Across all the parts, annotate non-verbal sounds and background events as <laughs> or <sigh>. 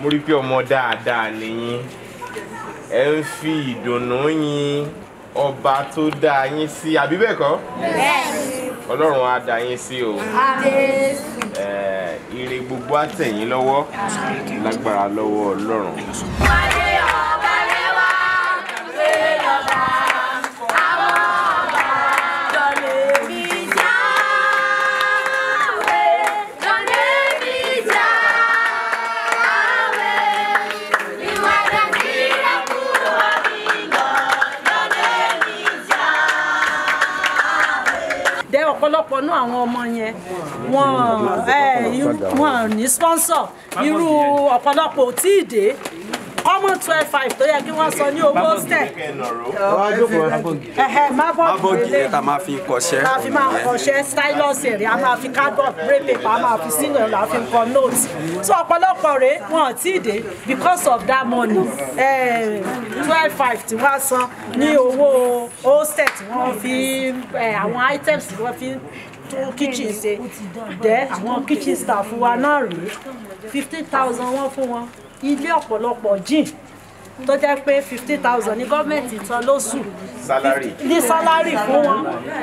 mo rí pé ọmọ dáadáa nìyí ẹ ń fi ìdùnnú yin ọba tó dá yín sí àbí bẹ́ẹ̀ kọ́ ọlọ́run á dá yín sí o ire gbogbo á tẹ̀ yín lọ́wọ́ lágbára lọ́wọ́ ọlọ́run. ọ̀pọ̀lọpọ̀ náà àwọn ọmọ yẹn wọn eh, ní sponsor irú ọ̀pọ̀lọpọ̀ ò tí ì dé common twelve five tó yẹ kí wọ́n sọ ní owó stẹ̀. mábọ̀ gílẹ̀ ta máa fi kọṣẹ́. ta fi máa kọṣẹ́ stylus èrè a máa fi cardboard grey paper a máa fi sínú ẹ̀ la fi ń kọ notes. so ọ̀pọ̀lọpọ̀ rẹ̀ wọn ò tí ì dé because of that money twelve five tí wọ́n san ní owó hostel tí wọ́n fi àwọn items tí wọ́n fi tún kitchen ṣe dẹ́ àwọn kitchen staff wa náà rèé fifteen thousand wọ́n fún wọn ilé ọ̀pọ̀lọpọ̀ jìn tó jẹ́ pé fifty thousand ní gọ́ọ̀mẹ̀ntì tán lóṣù ní sálárì fún wọn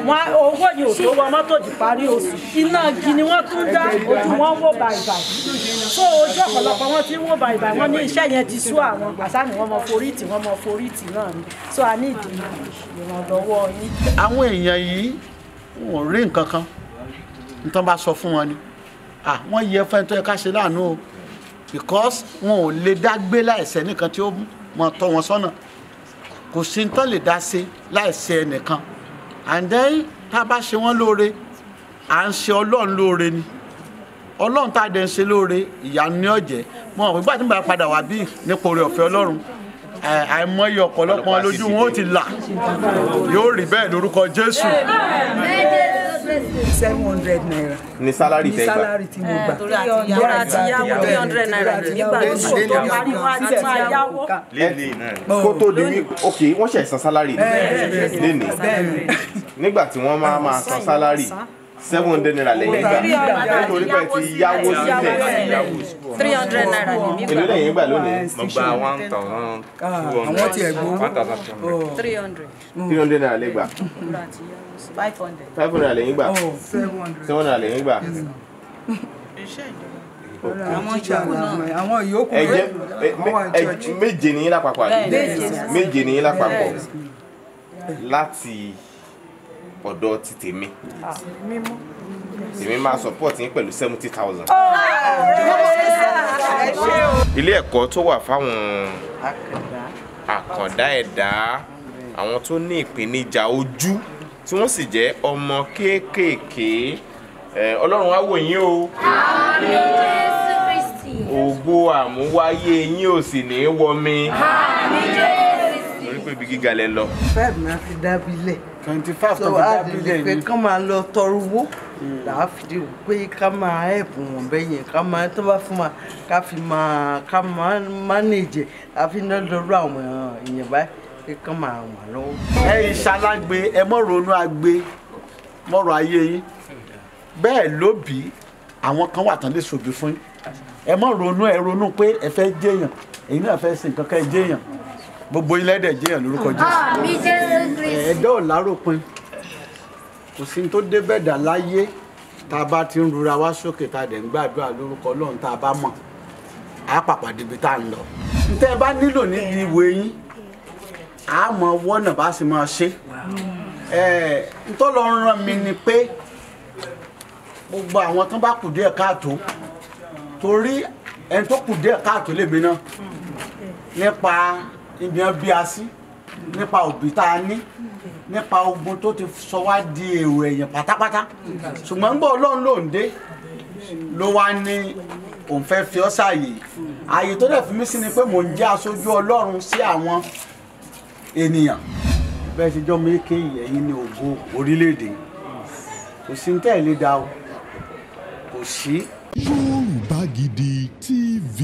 wọn owó yìí ò tó wọ mọ́tò di parí oṣù iná igi ni wọ́n tún dá ojú wọn wò bàìbà tó ojú ọ̀pọ̀lọpọ̀ wọn ti wò bàìbà wọn ní iṣẹ́ yẹn ti sú àwọn àṣà ni wọ́n mọ forí tì wọ́n mọ forí tì náà ni so a ní ìdí ìrànlọ́wọ́ yín. àwọn èèyàn yìí wọn ò rí nǹkan kan nítorí wọn bá sọ fún wọn ni wọn yẹ fẹ́ntọ́ ẹ ká ṣe láàánú o because wọn ò lè dá gbé láìsẹ̀ nìkan tí ó mọ̀ tọ́ wọn sọ́nà kò sí ní tán lè dá ṣe láìsẹ̀ ẹnìkan and then tá a bá ṣe wọ́n lóore à ń ṣe ọlọ́run lóore ni ọlọ́run tá a dẹ̀ ń ṣe lóore ìyanu ní ọ̀jẹ̀ mo hàn nígbà tí mo bá padà wá bí nípa oore ọ̀fẹ́ ọlọ́run àìmọye ọ̀pọ̀lọpọ̀ lójú wọn ó ti là yóò rí bẹ́ẹ̀ lórúkọ jésù seven hundred naira. ni salary tẹ gbà ni salary ti mo gbà. Eh, torí àtìyáwó three hundred naira nígbà tó tó parí wá àti àyáwó. kó tó di wí ok wọ́n ṣe san salary léni nígbà tí wọ́n máa máa san salary seven hundred naira lẹ́yìn gbà nítorí pé ti yáwó sílẹ̀ three hundred naira lèmi gbà. èlò lẹ́yìn gbà lónìí. mo gba one thousand two hundred ah, one thousand oh. three hundred. three hundred naira lẹ́gbà. Mm five hundred. five hundred lẹ́yìn gbà. seven oh. hundred. seven hundred lẹ́yìn gbà. iṣẹ́ ìjọba. àwọn yòókù náà. àwọn yòókù náà. méje ní lápapọ̀ àbí méje ní lápapọ̀ láti ọ̀dọ̀ ti tèmi ah. tèmi máa support yín pẹ̀lú seventy thousand. Ah. Ah. ilé ẹ̀kọ́ tó wà fáwọn àkàndá ẹ̀dá àwọn tó ní ìpèníjà ojú tí wọ́n sì jẹ́ ọmọ kéékèèké ọlọ́run á wò yín o. àmín jésù kristi. ògo àmúwáyé yín ò sì ní í wọmi. àmín jésù kristi. torí pé ibi gíga lẹ lọ. five náà fi dábí lẹ̀. twenty five tó fi dábí lẹ̀ ni. sọ àdìlẹ́pẹ́ kán máa lọ tọrọ owó hmm. làá fi di pé ká máa ẹ̀pù wọn bẹ́ẹ̀ yẹn ká máa tó bá fún wa ká fi máa ká máa mánéèjì àfi náà lọ́rọ̀ àwọn èèyàn báyìí pé kán máa wà lọ́wọ́. ẹ̀yin ṣalágbe ẹ mọ̀ ronú agbe mọ̀rọ̀ ayé yín bẹ́ẹ̀ ló bí àwọn kan wà tán lè ṣòbí fún yín ẹ mọ̀ ronú ẹ ronú pé ẹ fẹ́ jẹ́yàn èyí náà fẹ́ sin kankan ẹ jẹ́yàn gbogbo ilé ẹ̀dẹ̀ jẹ́yàn lórúkọ Jésù ẹ̀dọ́ ò láròpin kò sí tó dé bẹ̀dà láyé tá a bá ti ń rura wá sókè tá a dẹ̀ ń gbàdúrà lórúkọ Ọlọ́run tá a bá mọ̀ á pàpàdé ibi tá a ń lọ ntẹ́ bá nílò nídìí ìwé yín a mọ wọ́nà bá sì máa ṣe ntọ́lọ ràn mí ni pé gbogbo àwọn tó bá kù díẹ̀ káàtó torí ẹni tó kù díẹ̀ káàtó lèmi náà nípa ibi ẹ̀ bí a sí nípa òbí tá a ní nípa ogun tó ti sọ wá di èrò ẹ̀yìn pátápátá ṣùgbọ́n gbọ́ ọlọ́run ló ń dé ló wá ní òun fẹ́ fi ọ́ sáàyè àyè tó dẹ̀ fi mí sí ni pé mò ń jẹ́ aṣojú ọlọ́run sí àwọn ènìyàn bẹ́ẹ̀ ṣe jọ́ méke ẹ̀yin ni ògo orílẹ̀-èdè kò sí ní tẹ̀lé da o kò sí. Yorùbá Gidi TV.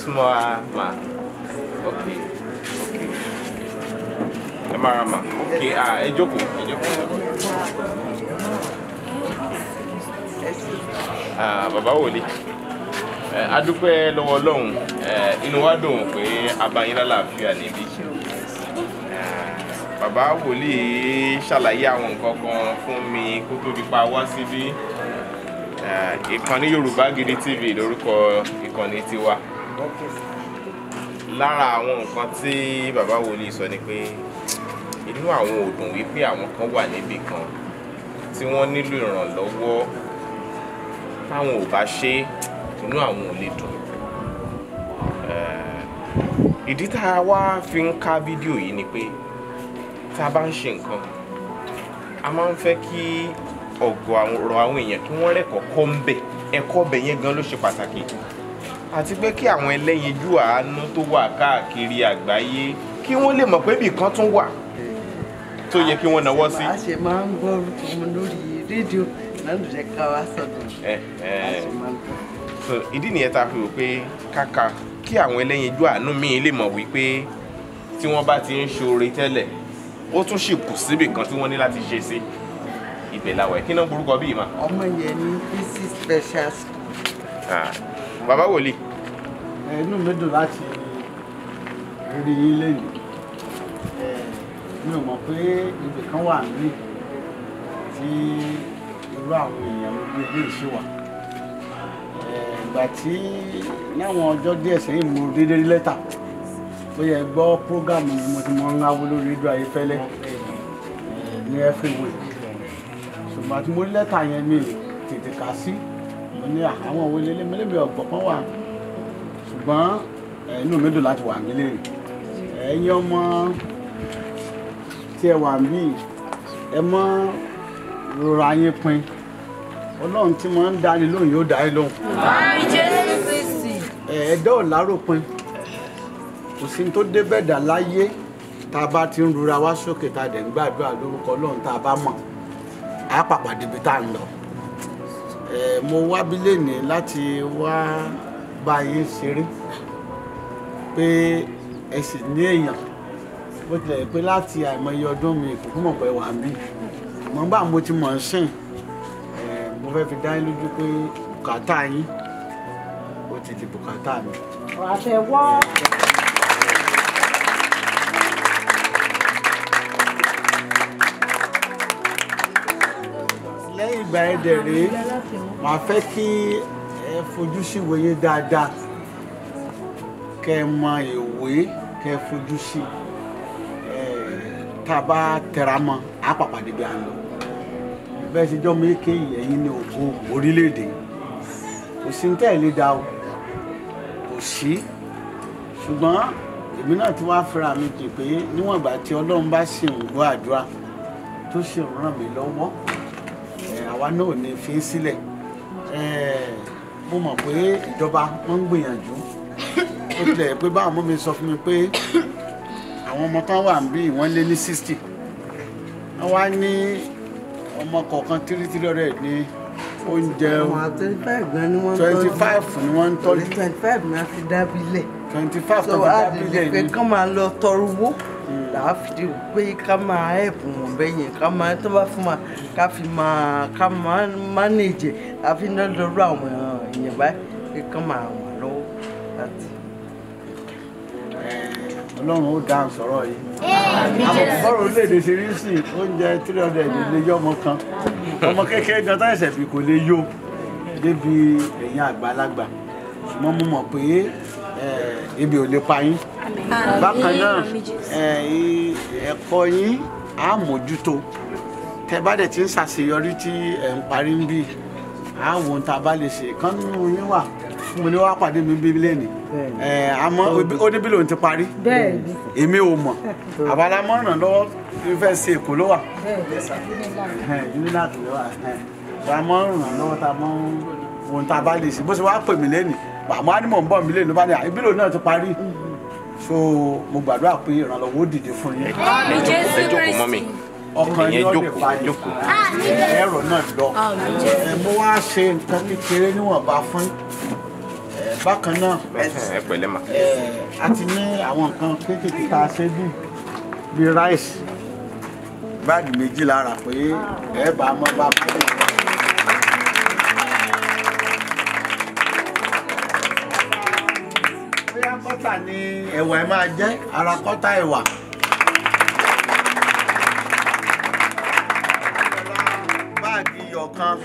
semua ah, ma. Okey. Okey. Tamara ma. Okey, ah ẹ jókòó, ẹ jókòó. Ah bàbá wòlé. Eh adúpẹ́ lọ́wọ́ Ọlọ́run. Eh inú wa dùn pé abayin lálàáfíà ni bí. Bàbá wòlé ṣàlàyé àwọn nǹkan kan fún mi kó tó fi pa wá síbí. Ìkànnì Yorùbá Gidi TV lórúkọ ìkànnì tiwa lára àwọn nǹkan tí bàbá wòlíì sọ ni pé inú àwọn ò dùn wípé àwọn kan wà níbì kan tí wọ́n nílò ìrànlọ́wọ́ táwọn ò bá ṣe inú àwọn ò lè dùn ìdí tá a wá fi ń ká fídíò yìí ni pé tá a bá ń ṣe nǹkan a máa ń fẹ́ kí ọ̀gọ̀ ọ̀rọ̀ àwọn èèyàn kí wọ́n rẹ́kọ̀ọ́ kọ́ ń bẹ̀ ẹ̀kọ́ bẹ̀ yẹn gan ló ṣe pàtàkì àti pé kí àwọn ẹlẹ́yinjú àánú tó wà káàkiri àgbáyé kí wọ́n lè mọ̀ pé ibìkan tún wà tó yẹ kí wọ́n náwó sí. a ṣe máa ń gbọ́ orúkọ wọn lórí rédíò náà ló jẹ́ ká wá sọ̀dọ̀ a ṣe máa ń gbọ́. so ìdí nìyẹn tá a fi rò pé kàkà kí àwọn ẹlẹ́yinjú àánú míì lè mọ̀ wípé tí wọ́n bá ti ń ṣoore tẹ́lẹ̀ ó tún sì kù síbì kan tí wọ́n ní láti ṣe sí ibẹ̀ làwọ̀ ẹ̀ kí náà burúkọ bíi mà. ọmọ yẹn ní bc special school. Ah bàbá wòlíì. inú mi dùn láti rí yín lẹ́yìn mi ò mọ̀ pé ibì kan wà ní tí irú àwọn èèyàn gbogbo ilé ìṣe wà ìgbà tí láwọn ọjọ́ díẹ̀ sẹ́yìn mo dédé rí lẹ́tà ó yẹ gbọ́ prógámù ni mo ti mọ ń háwó lórí rédíò ayéfẹ́lẹ́ ní every week ṣùgbọ́n àti mo rí lẹ́tà mi tètè kà sí ní àwọn òwe lélẹ́ mi lébi ọ̀gbọ̀n wà ṣùgbọ́n inú mi dùn láti wà mí lè ẹ̀yin ọmọ tí ẹ wà mí ẹ mọ́ rọra yín pin ọlọ́run tí mo ń dáni lóhùn yóò dáni lóhùn. ẹ̀ẹ́dọ́ ò lárópin kò sí tó dé bẹ́ẹ̀dà láyé tá a bá ti ń rura wá sókè tá a dẹ̀ ń gbàdúrà lórúkọ ọlọ́run tá a bá mọ̀ á pàpàdé ibi tá a ń lọ mo wábí lénìí láti wá bá yín ṣeré pé ẹ sì ní èèyàn bó tilẹ̀ pé láti àìmọye ọdún mi kò kúmọ̀ pé wà á bí mọ̀ bá mo ti mọ̀ ń sìn mo fẹ́ fi dá yín lójú pé bùkátà yín ó ti di bùkátà mi. lẹ́yìn ìgbà ẹ̀dẹ̀ rèé màá fẹ́ kí ẹ fojú sí ìwé yín dáadáa kẹ́ ẹ mọ ìwé kẹ́ ẹ fojú sí tá a bá tẹra mọ́ á pàpàdé bí a ń lọ bẹ́ẹ̀ ṣe jọ́ mi ké ẹ̀yin ní ògo orílẹ̀-èdè kò sí ní tẹ́ ẹ̀ lé da o kò sí ṣùgbọ́n èmi náà ti wá fira mi jì pé níwọ̀n ìgbà tí ọlọ́run bá sì ń gbọ́ àdúrà tó sì ń ràn mí lọ́wọ́ àwa náà ní fi sílẹ̀ mo mọ̀ pé ìjọba wọ́n ń gbìyànjú ó tilẹ̀ pé báwọn ọmọ mi sọ fún mi pé àwọn ọmọ kan wà níbí wọ́n lé ní sixty wọ́n wá ní ọmọ kọ̀ọ̀kan three three hundred ní oúnjẹ twenty five ni wọ́n ń tọ́jú twenty five ni a fi dábìlẹ̀ twenty five tó fi dábìlẹ̀ ni so pé kán máa lọ tọrọ owó hmm. làá fi pé ká máa ẹ̀bù wọn bẹ́yẹn ká máa tó bá fún wa ká fi máa ká máa mánéjì àfi náà lọ́rọ̀ àwọn èèyàn báyìí kán máa wà lọ́wọ́ láti. ọlọ́run ó dáa sọ̀rọ̀ yìí àbọ̀rọ̀ orílẹ̀-èdè oúnjẹ three hundred lè yọ ọmọ kan ọmọ kékeré gan táyà ṣẹ̀fì kò lè yó débi ẹ̀yìn àgbàlagbà ṣùgbọ́n mo mọ̀ pé ebi ò lè pa yín bákan náà ẹ̀kọ́ yín á mójútó tẹ bá dẹ̀ ti ń ṣàṣeyọrí tí ẹ̀ ń parí ń bì àwọn tá a bá lè ṣe kan nínú yín wà fún mi ní wàá pàdé mi bíi lẹ́nu àmọ́ oníbí lòun ti parí èmi ò mọ̀ àbálámọ̀ràn lọ́wọ́ fẹ́ ṣe èkó ló wà unilag ló lọ́wọ́ tá a mọ̀ ohun tá a bá lè ṣe bó ṣe wàá pè mí lẹ́nu àmọ́ ánìmọ̀ ń bọ̀ mí lẹ́nu ló bá ní àbí lòun náà ti parí mm-hmm. so mo gbàdúrà pé ìrànlọ́wọ́ ó dìde fún yín. ẹ jókòó mọ́ mi ọkàn yẹn jókòó ẹ̀rọ ah, náà lọ ah, mo wá ṣe nǹkan kékeré níwọ̀nba fún bákan náà a ti ní àwọn nǹkan kékeré tá a ṣe bí bí ráìsì báàgì méjì lára pé ẹ bá a mọ́ bá a kọ́ ẹ̀. ni ẹ̀wà ẹ máa jẹ́ ara kọ́tà ẹ̀wà. kan.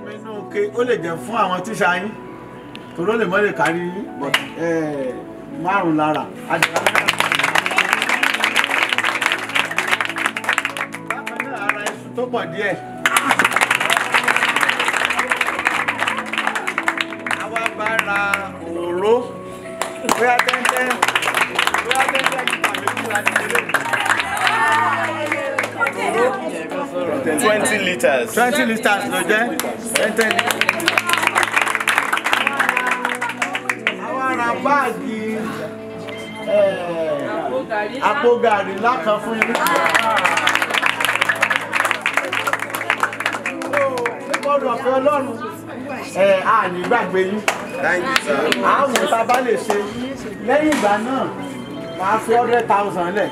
nínú ke ó lè jẹ́ fún àwọn tíṣà yín torí ó lè mọ́ lè kárí yín eh, márùn-ún lára. bákan náà ara iṣu tó pọ̀ díẹ̀. bá ra òróró bóyá tẹ́ntẹ́ bóyá tẹ́ntẹ́ yìí pàdé fúnra nìyẹn. twenty litres. twenty litres ló jẹ́ ten àwa ra báàgì eh, àpò gàrí lákan fún yín. bọ́ọ̀lù ọ̀fẹ́ ọlọ́run eh, a ní gbàgbé yín àwọn tá a bá lè ṣe lẹ́yìn ìgbà náà màá fi hundred thousand lẹ̀.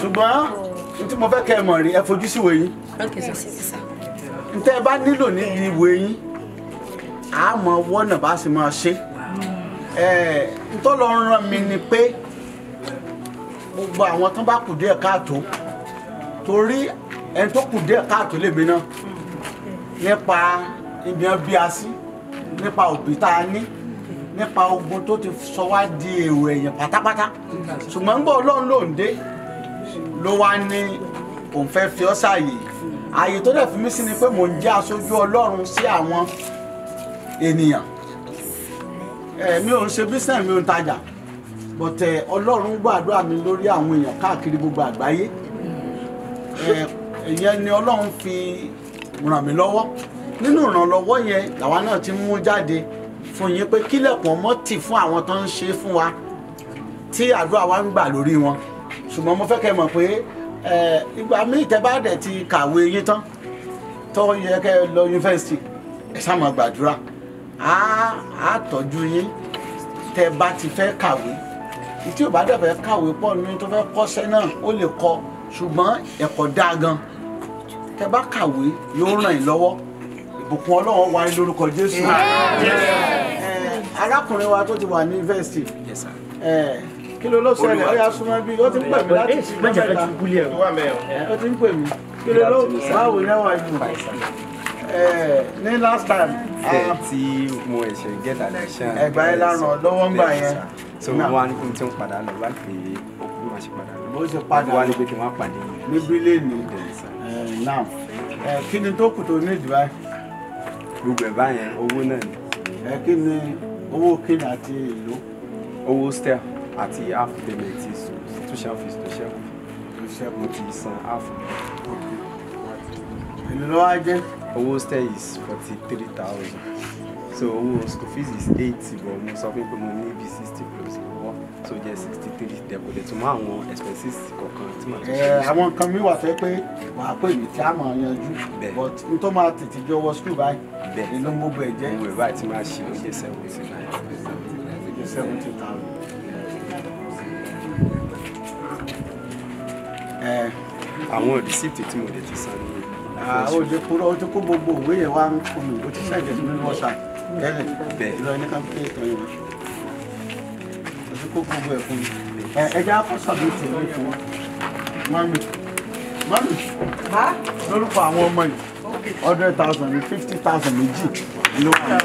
ṣùgbọ́n tí mo fẹ́ kẹ́ ẹ mọ̀ rí ẹ fojú sí ìwé yín ntẹ́ ẹ bá nílò nídìí ìwé yín a mọ wọ́nà bá sì máa ṣe ntọ́lọ ràn mí ni pé gbogbo àwọn tó bá kù díẹ̀ káàtó torí ẹni tó kù díẹ̀ káàtó lèmi náà nípa ibi ẹ bí a sí nípa òbí tá a ní nípa ogun tó ti sọ wá di èrò ẹ̀yìn pátápátá ṣùgbọ́n ń gbọ́ ọlọ́run lòún dé ló wá ní òun fẹ́ fi ọ́ sàyè àyè tó dẹ̀ fi mí sí ni pé mò ń jẹ́ aṣojú ọlọ́run sí àwọn ènìyàn mi ò ń ṣe business mi ò ń tajà but ọlọ́run gbàdúrà mi lórí àwọn èèyàn káàkiri gbogbo àgbáyé ìyẹn ni ọlọ́run fi ràn mí lọ́wọ́ nínú ìrànlọ́wọ́ yẹn làwa náà ti mú jáde fún yín pé kílẹ̀kùn ọmọ tì fún àwọn tó ń ṣe fún wa tí àdúrà wa ń gbà lórí wọn ṣùgbọ́n mo fẹ́ kẹ́ mọ̀ pé ìgbà míì tẹ́ bá dẹ̀ ti kàwé yín tán tó yẹ kẹ́ lọ yunifásitì ẹ ṣá máa gbàdúrà á tọ́jú yín tẹ́ bá ti fẹ́ kàwé tí ò bá dẹ̀ fẹ́ kàwé pọ̀ nínú tó fẹ́ kọ́ṣẹ́ náà ó lè kọ́ ṣùgbọ́n ẹ̀kọ́ dáa gan tẹ́ bá kàwé yóò ràn yín lọ́wọ́ ìbùkún ọlọ́run wà ní lórúkọ jésù arákùnrin wa tó ti wà ní yunifásitì. Yes sir kí ló ló ṣẹlẹ̀ ó yà súnmọ́ bí ó ti ń pè mí láti fi mẹ́ta eh, ó ti ń pè mí kí ló ló báwo ni wàá yù eh, ní last time. Ah, tí mo ẹ̀ṣẹ̀ get election. ẹgbà yẹn lánà lọ́wọ́ ń gbà yẹn. so wọn á ní tí ń padà lọ wá pé òkú máa ṣe padà lọ. bó ṣe padà wọn á pé kí wọn pàdé. níbí lè ní eh, now kí ni tó kù tó ní ìdíwáyé. gbogbo ẹ̀ báyẹn owó náà ni. kí ni owó kí ni àti ìlú. owó stẹ́ẹ̀ àti half payment ti substitution fees tó ṣẹ́kù ṣẹ́kù ti san half. èlò ló wá jẹ́. owó stay is forty three thousand so owó school fees is eighty but mo sọ pé mo ní bí sixty plus lọ́wọ́ so jẹ́ sixty three dẹ̀kọ̀ dẹ̀ tún mọ́ àwọn expenses kọ̀ọ̀kan tí màá tún ṣe. Eh, àwọn nǹkan mi wà fẹ́ pé wà á pè mí tí a máa yanjú but n tó máa tètè jọ wọ school báyìí èlò gbogbo ẹ̀ jẹ́. owó ẹ̀ báyìí ti máa ṣe oúnjẹ seventy nine seventy thousand. àwọn rìsíìtì tí mo lè ti san ní. ojú kúrò ojú kó gbogbo òwe yẹn wá fún mi bó ti ṣàjẹ́ sí mi ní wọ́ṣà tẹ́lẹ̀ bẹ́ẹ̀ lọ ní káńpé ìtàn yẹn ojú kó gbogbo ẹ̀ fún mi. ẹja akọ́sọ̀ mi ti rí fún mami mami lórúkọ àwọn ọmọ yìí hundred thousand fifty thousand méjì ló wà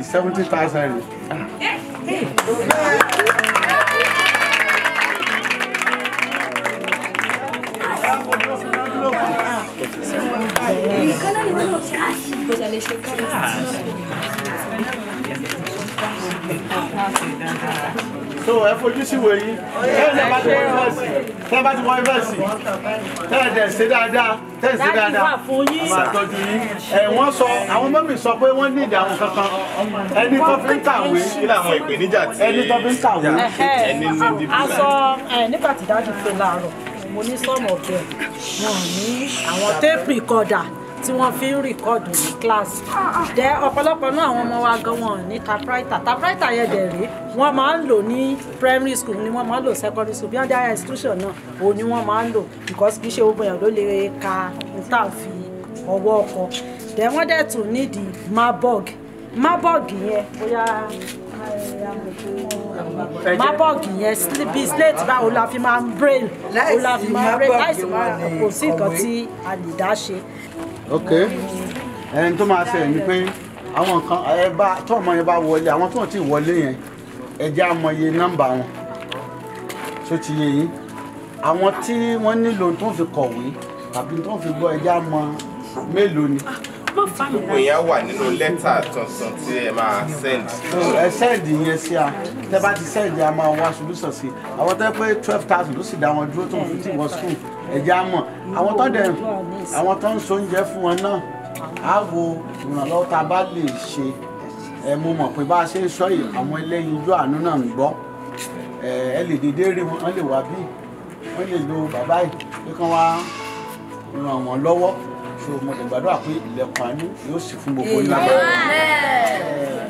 yìí seventy thousand ni. so ẹ fojú you wòye tẹ́lẹ̀ bá ti wọ yunifásitì tẹ́lẹ̀ bá ti wọ yunifásitì tẹ́lẹ̀ dẹ̀ ṣe dáadáa tẹ̀sí dáadáa ẹ̀wọ̀n sọ àwọn mọ́mì sọ pé wọ́n ní ìdààmú kankan ẹni tó fi ń kàwé ẹni tó fi ń kàwé ẹni ní ibi bíbá. a sọ nígbà tí dájú pé láàárọ̀ mo ní sọ́ọ̀mù ọ̀bẹ wọn ní àwọn téèpù ìkọ̀dà tí wọ́n fi ń rìkọ́dù ní class jẹ́ ọ̀pọ̀lọpọ̀ náà àwọn ọmọ wa gan wọn ní typewriter typewriter yẹn dẹ̀ rí wọ́n máa ń lò ní primary school ni wọ́n máa ń lò secondary school bí wọ́n higher institution náà òun ni wọ́n máa ń lò because kì í ṣe gbogbo èèyàn ló lè ka níta fi ọwọ́ ọkọ jẹ́ wọ́n dẹ̀ tún nídìí marburg marburg yẹn bóyá eh, marburg yẹn bí slate báwo la fi máa ń braille o la fi máa ń kò sí nǹkan tí a lè dá ṣe ok ẹni tó máa ṣe ni pé àwọn nǹkan ẹ bá tó ọmọ yẹn bá wọlé àwọn tó ń tí wọlé yẹn ẹ jẹ́ àmọye nọ́mbà wọn tó ti yé yín àwọn tí wọ́n nílò tó ń fi kọ̀wé tàbí tó ń fi gbọ́ ẹ jẹ́ mélòó ni. Ah gbogbo yẹn wà nínú lẹ́tà tuntun tí ẹ máa send. ẹ send yẹn sí a tẹ bá ti send yẹn a máa wá solution sí àwọn tẹ pé twelve thousand ló sì dá wọn dúró tó ń fi tì wọ school ẹjẹ á mọ àwọn tó dẹ àwọn tó ń so oúnjẹ fún wọn náà á wo ìrànlọ́wọ́ tá a bá lè ṣe ẹ mo mọ̀ pé bá a ṣe ń sọ yìí àwọn ẹlẹ́yin ijó àánú náà ń gbọ́ ẹ lè dédé rí wọn wọ́n lè wá bí wọ́n lè lo bàbá yìí pé kí wọ́n wá ràn wọ́n lọ́wọ́ so mo lè gbàdúrà pé ilẹ̀kùn àánú yóò sì fún gbogbo yín lábẹ́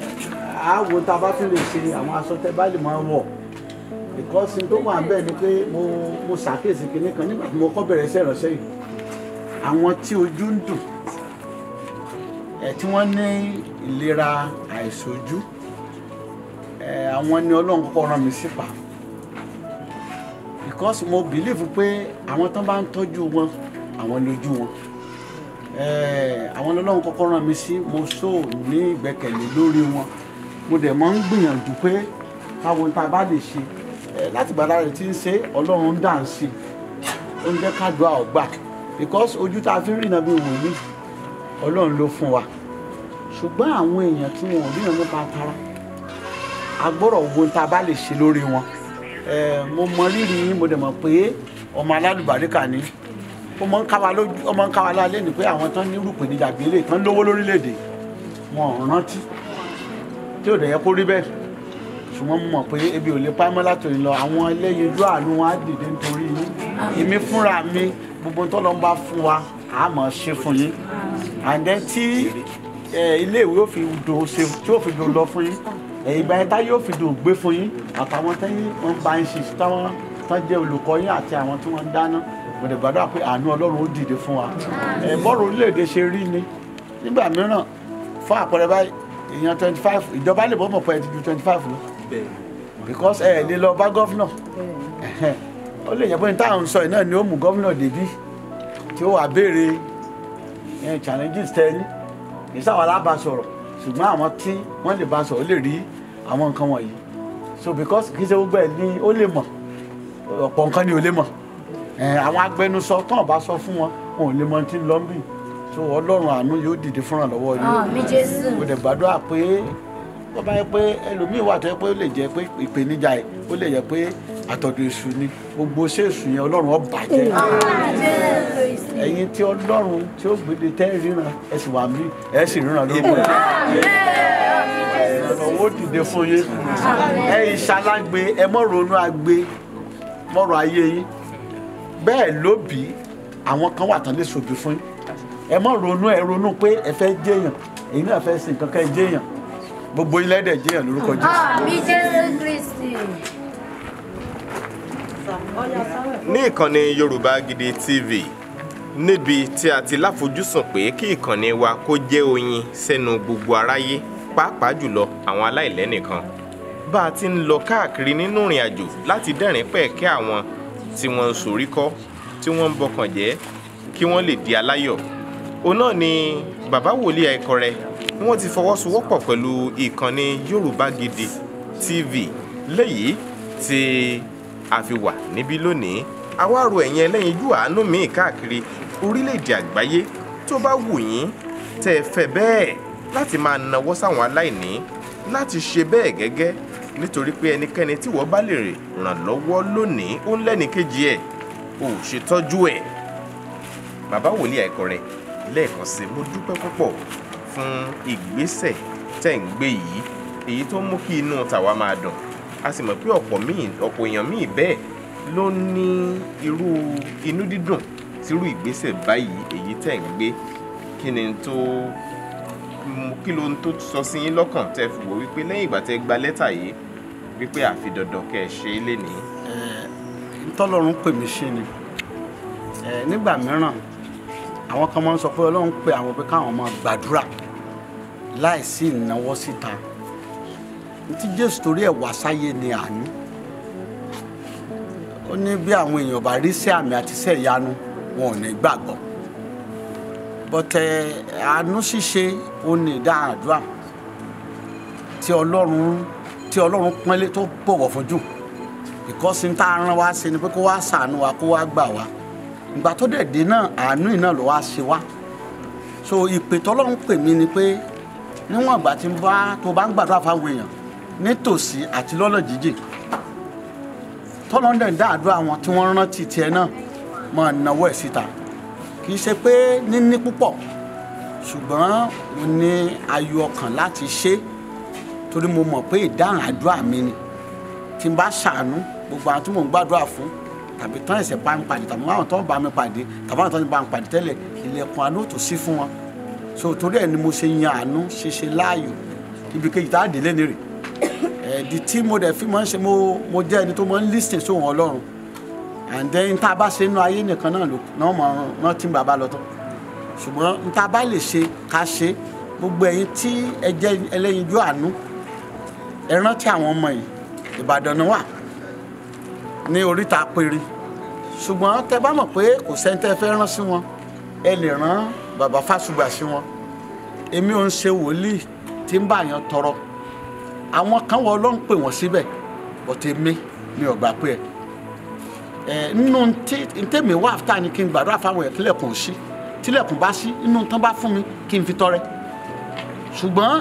àwo tá a bá tún lè ṣe àwọn aṣọ tẹ bá lè máa wọ̀ ìkọ́sí tó wà bẹ́ẹ̀ ni pé mo mo ṣàkíyèsí kinní kan nígbà tí mo kọ́ bẹ̀rẹ̀ iṣẹ́ ìrọ̀ṣẹ́ yìí àwọn tí ojú ń dùn ẹ̀ tí wọ́n ní ìlera àìsójú ẹ̀ àwọn ni ọlọ́run kọ́kọ́ rán mi sípa because mo believe pé àwọn tán bá ń tọ́jú wọn àwọn lójú wọn. Eh, àwọn ọlọ́run kọ́kọ́ rán mi sí mo so ní ìgbẹ́kẹ̀lé lórí wọn mo dẹ̀ máa ń gbìyànjú pé káwọn tá a bá lè ṣe eh, láti gbàdá rẹ̀ ti ń ṣe ọlọ́run dà ń sí ó ń jẹ́ kádùá ọ̀gbà because ojú tá a fi ń rìnà bí wò mí ọlọ́run ló fún wa ṣùgbọ́n àwọn èèyàn tí wọn ò ríran nípa tara a gbọ́dọ̀ wo tá a bá lè ṣe lórí wọn eh, mo mọ rírì yín mo dẹ̀ mọ̀ pé ọmọ alálùbáríkà ni ó mọ̀ ń ká wa lójú ó mọ̀ ń ká lálẹ́ ni pé àwọn tán ní rúpè níjà gbélé tán lówó lórílẹ̀‐èdè wọn ò rántí tí ò dẹ̀ yẹ kó rí bẹ́ẹ̀ ṣùgbọ́n mo mọ̀ pé ebi ò lè pa mọ́ látòrí lọ àwọn ẹlẹ́yinjú àánú wa dìde nítorí yín èmi fúnra mi gbogbo tó lọ́n bá fún wa a máa ṣe fún yín and then tí iléèwé yóò fi dò ṣe tí yóò fi dò lọ fún yín ìgbà yẹn tá yóò fi dò gbé fún yín àtàwọn tẹ́yìn wọn bá ń ṣe táwọn tán jẹ́ olùkọ́ yín àti àwọn tí wọ́n dáná mo lè gbàdúrà pé àánú ọlọ́run ó dìde fún wa ẹ bọ́ọ̀rù orílẹ̀-èdè ṣe rí ni nígbà mìíràn fún àpẹẹrẹ báyìí èèyàn twenty five ìjọba lè bọ́ mọ̀ pé ẹ ju twenty five lọ because ẹ lè lọ bá gọ́fìnà <laughs> ó lè yẹ pé táwọn sọ yìí náà ni ó mú gọ́fìnà débí tí ó wà béèrè challenges tẹ́lí kì í sáwọn alábàásọ̀rọ̀ ṣùgbọ́n àwọn tí wọ́n lè bá sọ̀rọ̀ lè rí àwọn nǹkan wọ̀nyí so because kì í ṣe gbogbo ẹ̀ ni ó lè mọ̀ ọ̀pọ̀ nǹkan ni ò lè mọ̀ àwọn agbẹnusọ tó ń bá sọ fún wọn wọn ò lè mọ tí ń lọ bí so ọlọ́run àánú yóò dìde fúnra lọ́wọ́ yìí àmín Jésù mo dẹ̀ gbàdúrà pé wọ́n bá yẹ pé ẹlòmíín wà tó yẹ pé ó lè jẹ́ pé ìpèníjà yìí ó lè jẹ́ pé àtọ̀dọ̀ èṣù ni gbogbo ṣé èṣù yẹn ọlọ́run ó bàjẹ́ ẹ̀yin tí ọlọ́run tí ó gbélé tẹ́ ríran ẹ sì wà mí ẹ sì ríran lóko ọlọ́wọ́ dìde fún yín ẹ ìṣalágbe ẹ mọ̀rọ̀ onú agbe mọ̀rọ̀ ayé yín bẹ́ẹ̀ ló bí àwọn kan wà tán lè ṣòbí fún yín ẹ mọ̀ ronú ẹ ronú pé ẹ fẹ́ jẹ́yàn èyí náà fẹ́ sin kankan jẹ́yàn gbogbo ilé ẹ̀dẹ̀ jẹ́yàn lórúkọ jésù. àmì jésù kristi. ní ìkànnì yorùbá gidi tv níbi tí a ti láfojúsùn pé kí ìkànnì wa kó jẹ́ oyin sẹ́nu gbogbo aráyé pàápàá jùlọ àwọn aláìlẹ́nìkan bá a ti ń lọ káàkiri nínú ìrìn àjò láti dẹ́rìn pẹ̀kẹ́ àwọn tí wọ́n ń sorí kọ́ tí wọ́n ń bọkàn jẹ́ kí wọ́n lè di aláyọ̀ òun náà ni bàbá wòlíì Àìkọrẹ wọ́n ti fọwọ́sowọ́pọ̀ pẹ̀lú ìkànnì Yorùbá Gidi TV léyìí tí a fi wà níbí lónìí àwárò ẹ̀yin ẹlẹ́yin ojú àánú mi káàkiri orílẹ̀-èdè àgbáyé tó bá wù yín tẹ́ ẹ fẹ́ bẹ́ẹ̀ láti máa nawọ́ sáwọn aláìní láti ṣe bẹ́ẹ̀ gẹ́gẹ́ nítorí pé ẹnikẹ́ni tí wọ́n bá lè ràn lọ́wọ́ lónìí ó ń lẹ́ni kejì ẹ̀ ò ṣètọ́jú ẹ̀. bàbá wòlíì Àìkọrẹ lẹ́ẹ̀kan sí mo dúpẹ́ púpọ̀ fún ìgbésẹ̀ tẹ̀ ń gbé yìí èyí tó mú kí inú tàwa máa dùn a sì mọ̀ pé ọ̀pọ̀ èèyàn míì bẹ́ẹ̀ ló ní irú inú dídùn tírú ìgbésẹ̀ báyìí èyí tẹ̀ ń gbé kí ni tó kí ló ń tó sọ sí yín lọ́kàn tẹ́ fi wò wípé lẹ́yìn ìgbà tẹ́ gba lẹ́tà yìí wípé àfi dandan kẹ́ ẹ ṣe é lénìí. ntọ́lọ́run pè mí ṣe ni nígbà mìíràn àwọn kan máa ń sọ pé ọlọ́run pè àwọn pé káwọn máa gbàdúrà láì sí ìnáwó síta tí jésù torí ẹ̀ wá sáyé ni àánú ó ní bí àwọn èèyàn bá rí sí àmì àti iṣẹ́ wọn ò ní gbàgbọ́ bọ́tẹ́ eh, àánú ṣíṣe ó ní ìdáàdúrà tí ọlọ́run tí ọlọ́run pọ́nlé tó bọ̀wọ̀ fún jù because n ta ran wa ṣe ni pé kó wá ṣàánú wa kó wá gbà wá ìgbà tó dẹ̀ dé náà àánú yìí náà ló wá ṣe wá so ìpè tọ́lọ́run pè mí ni pé níwọ̀n ìgbà tí tó bá ń gbàdúrà fáwọn èèyàn nítòsí àti lọ́nà jíjìn tọ́lọ́run dẹ̀ ń dáàdúrà wọn tí wọ́n rántí tiẹ̀ náà máa náwó ẹ̀ síta kì í ṣe pé níní púpọ̀ ṣùgbọ́n mo ní ayọ̀ ọkàn láti ṣe torí mo mọ̀ pé ìdáhùn àdúrà mi ni tí n bá ṣàánú gbogbo àwọn tí mò ń gbàdúrà fún tàbí tán ẹ̀sẹ̀ bá mi pàdé tàbí àwọn tó ń bá mi pàdé tàbí àwọn tó ń bá mi pàdé tẹ́lẹ̀ ilẹ̀kùn àánú tó ṣí fún wọn so torí ẹ̀ ni mo ṣe yan àánú ṣeṣe láàyò ibi kejì tá a dé lẹ́nu rẹ̀ ẹ̀ẹ́dì tí mo dẹ̀ fi máa ń ṣe mo jẹ́ ẹni tó máa ń lísìn and then tá a bá ṣe nínú ayé nìkan náà ló náà mọ rántí bàbá lọ tán ṣùgbọ́n n tá a bá lè ṣe ká ṣe gbogbo ẹ̀yin tí ẹ jẹ́ ẹlẹ́yinjú àánú ẹ rántí àwọn ọmọ yìí Ìbàdàn ni wà ní oríta péré ṣùgbọ́n tẹ bá mọ̀ pé kò sẹ́ńtẹ́ fẹ́ rán sí wọn ẹ lè rán bàbá Fásùgbà sí wọn èmi ò ń ṣe wòlíì tí ń bá tọrọ àwọn kan wọ ló pè wọ́n síbẹ̀ bọ̀tẹ̀ mi mi ò pé ẹ̀. Eh, nínú ntẹ́mi wà áfítà ni kí n gbàdúrà fáwọn ẹ̀ tilẹ̀kùn sí tilẹ̀kùn bá sí nínú tán bá fún mi kí n fi tọrẹ ṣùgbọ́n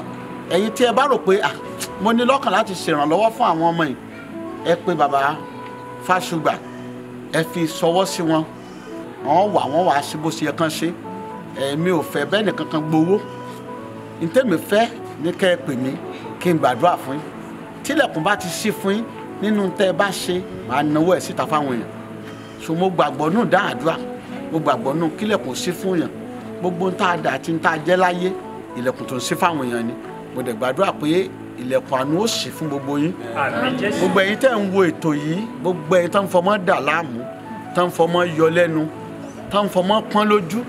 ẹ̀yin tí ẹ bá rò pé à ah, mo ní lọ́kàn láti ṣèrànlọ́wọ́ fún àwọn ọmọ yìí ẹ pé bàbá fáṣùgbà ẹ fi sọwọ́ sí wọn wọn wà wọn wà sí bó ṣe yẹ kán ṣe èmi ò fẹ́ bẹ́ẹ̀ nìkan kan gbowó ntẹ́mi fẹ́ ní kẹ́ ẹ pè mí kí n gbàdúrà fún yín tilẹ̀kùn bá ti ṣí fún yín nínú tẹ́ ẹ bá ṣe màá nawọ́ ẹ̀ síta fáwọn èèyàn so mo gbàgbọ́ nù dáàdúrà mo gbàgbọ́ nù kílẹ̀kùn sí fún yàn gbogbo ń tá a dà àti ń tá a jẹ́ láyé ilẹ̀kùn tó ń sí fáwọn èèyàn ni mo dẹ̀ gbàdúrà pé ilẹ̀kùn àánú ó ṣí fún gbogbo yín gbogbo ẹ̀yin tẹ́ ń wo ètò yìí gbogbo ẹ̀yin tán fọmọ́ dà láàmú tán fọmọ́ yọ lẹ́nu tán fọmọ́ pọ́n lójú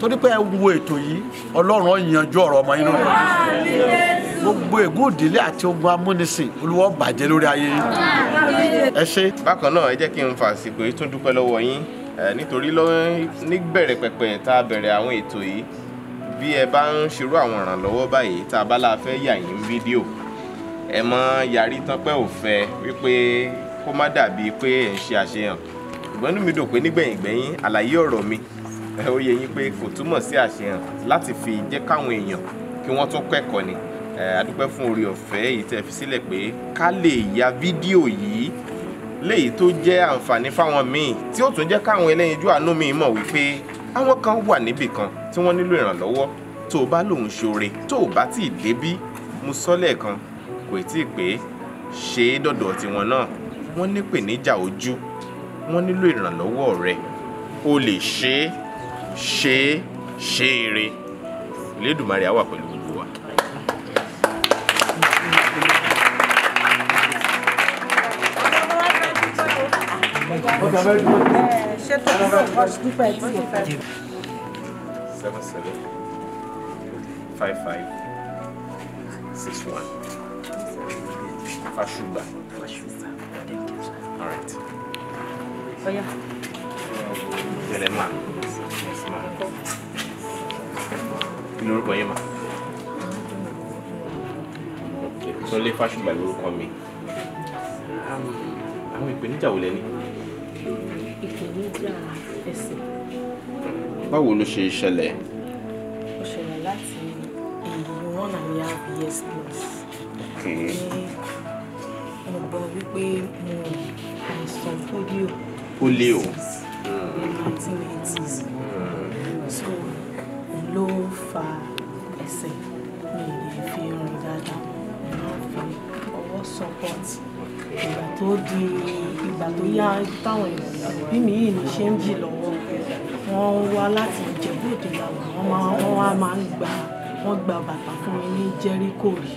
torí pé ẹ wo ètò yìí ọlọ́run ó yanjú ọ̀rọ̀ ọmọ yín lónìí gbogbo ègún òdìlé àti ogun amúnisìn olúwa bàjẹ́ lórí ayé yín. ẹ ṣe. bákan náà ẹ jẹ́ kí n fàsìkò yìí tún dúpẹ́ lọ́wọ́ yín nítorí níbẹ̀rẹ̀ pẹ̀pẹ̀ tá a bẹ̀rẹ̀ àwọn ètò yìí bí ẹ bá ń ṣerú àwọn ìrànlọ́wọ́ báyìí tá a bá la fẹ́ yà yín fídíò ẹ mọ yarí tán pé ò fẹ́ wípé kó má dàbí pé ẹ̀ ń ṣe àṣehàn ṣùgbọ́n inú mi dùn pé nígbẹ̀yìngbẹ̀yìn àlàyé ọ̀rọ̀ mi ó yẹ yín pé kò túmọ̀ sí àṣehàn láti fi jẹ́ káwọn èèyàn kí wọ́n tún kẹ́kọ̀ọ́ ni adúpẹ́ fún orí ọ̀fẹ́ èyí tẹ́ fi sílẹ̀ pé ká lè ya fídíò yìí léyìí tó jẹ́ àǹfààní fáwọn míì tí ó tún jẹ́ káwọn ẹlẹ́yinjú àánú mi mọ̀ wípé àwọn kan wà níbì kan tí wọ́n nílò ìrànlọ́wọ́ tó o bá lòun ṣoore tó o bá tì í débí mo sọ lẹ́ẹ̀kan kò tí ì pé ṣe é dọ̀dọ̀ tiwọn náà wọ́n ní pèníjà ojú wọ́n nílò ìrànlọ́wọ́ rẹ o lè ṣe é ṣe é ṣe é re Elédùmarè á wà pẹ̀lú ṣé tó ń sọ ọdún dúpẹ́ tí mo fẹ́. seven seven five five six one Fashuba. fasuba thank you sir. all right. oya. yẹlẹ ma kí lorúkọ yẹn ma. Sọlé fasuba lorúkọ mi. àwọn ìpèníjà wo lẹ ní ìpèníjà ẹsẹ̀. báwo ló ṣe ṣẹlẹ̀. ó ṣẹlẹ̀ láti one and a half years plus. mo gbọ́ wípé mo àìsàn polio. polio. in nineteen eighties. Hmm. so ló fa ẹsẹ̀ mi lè fi rìn dáadáa mo máa ọwọ́ support ìgbà tó di ìgbà tó yá táwọn èèyàn bí mi yìí ní ṣe ń bì lọ́wọ́ wọn wá láti Ìjẹ̀bú Òde làwọn wọn wá máa ń gba wọn gba bàtà fún mi ní Jẹ́ríkò rí.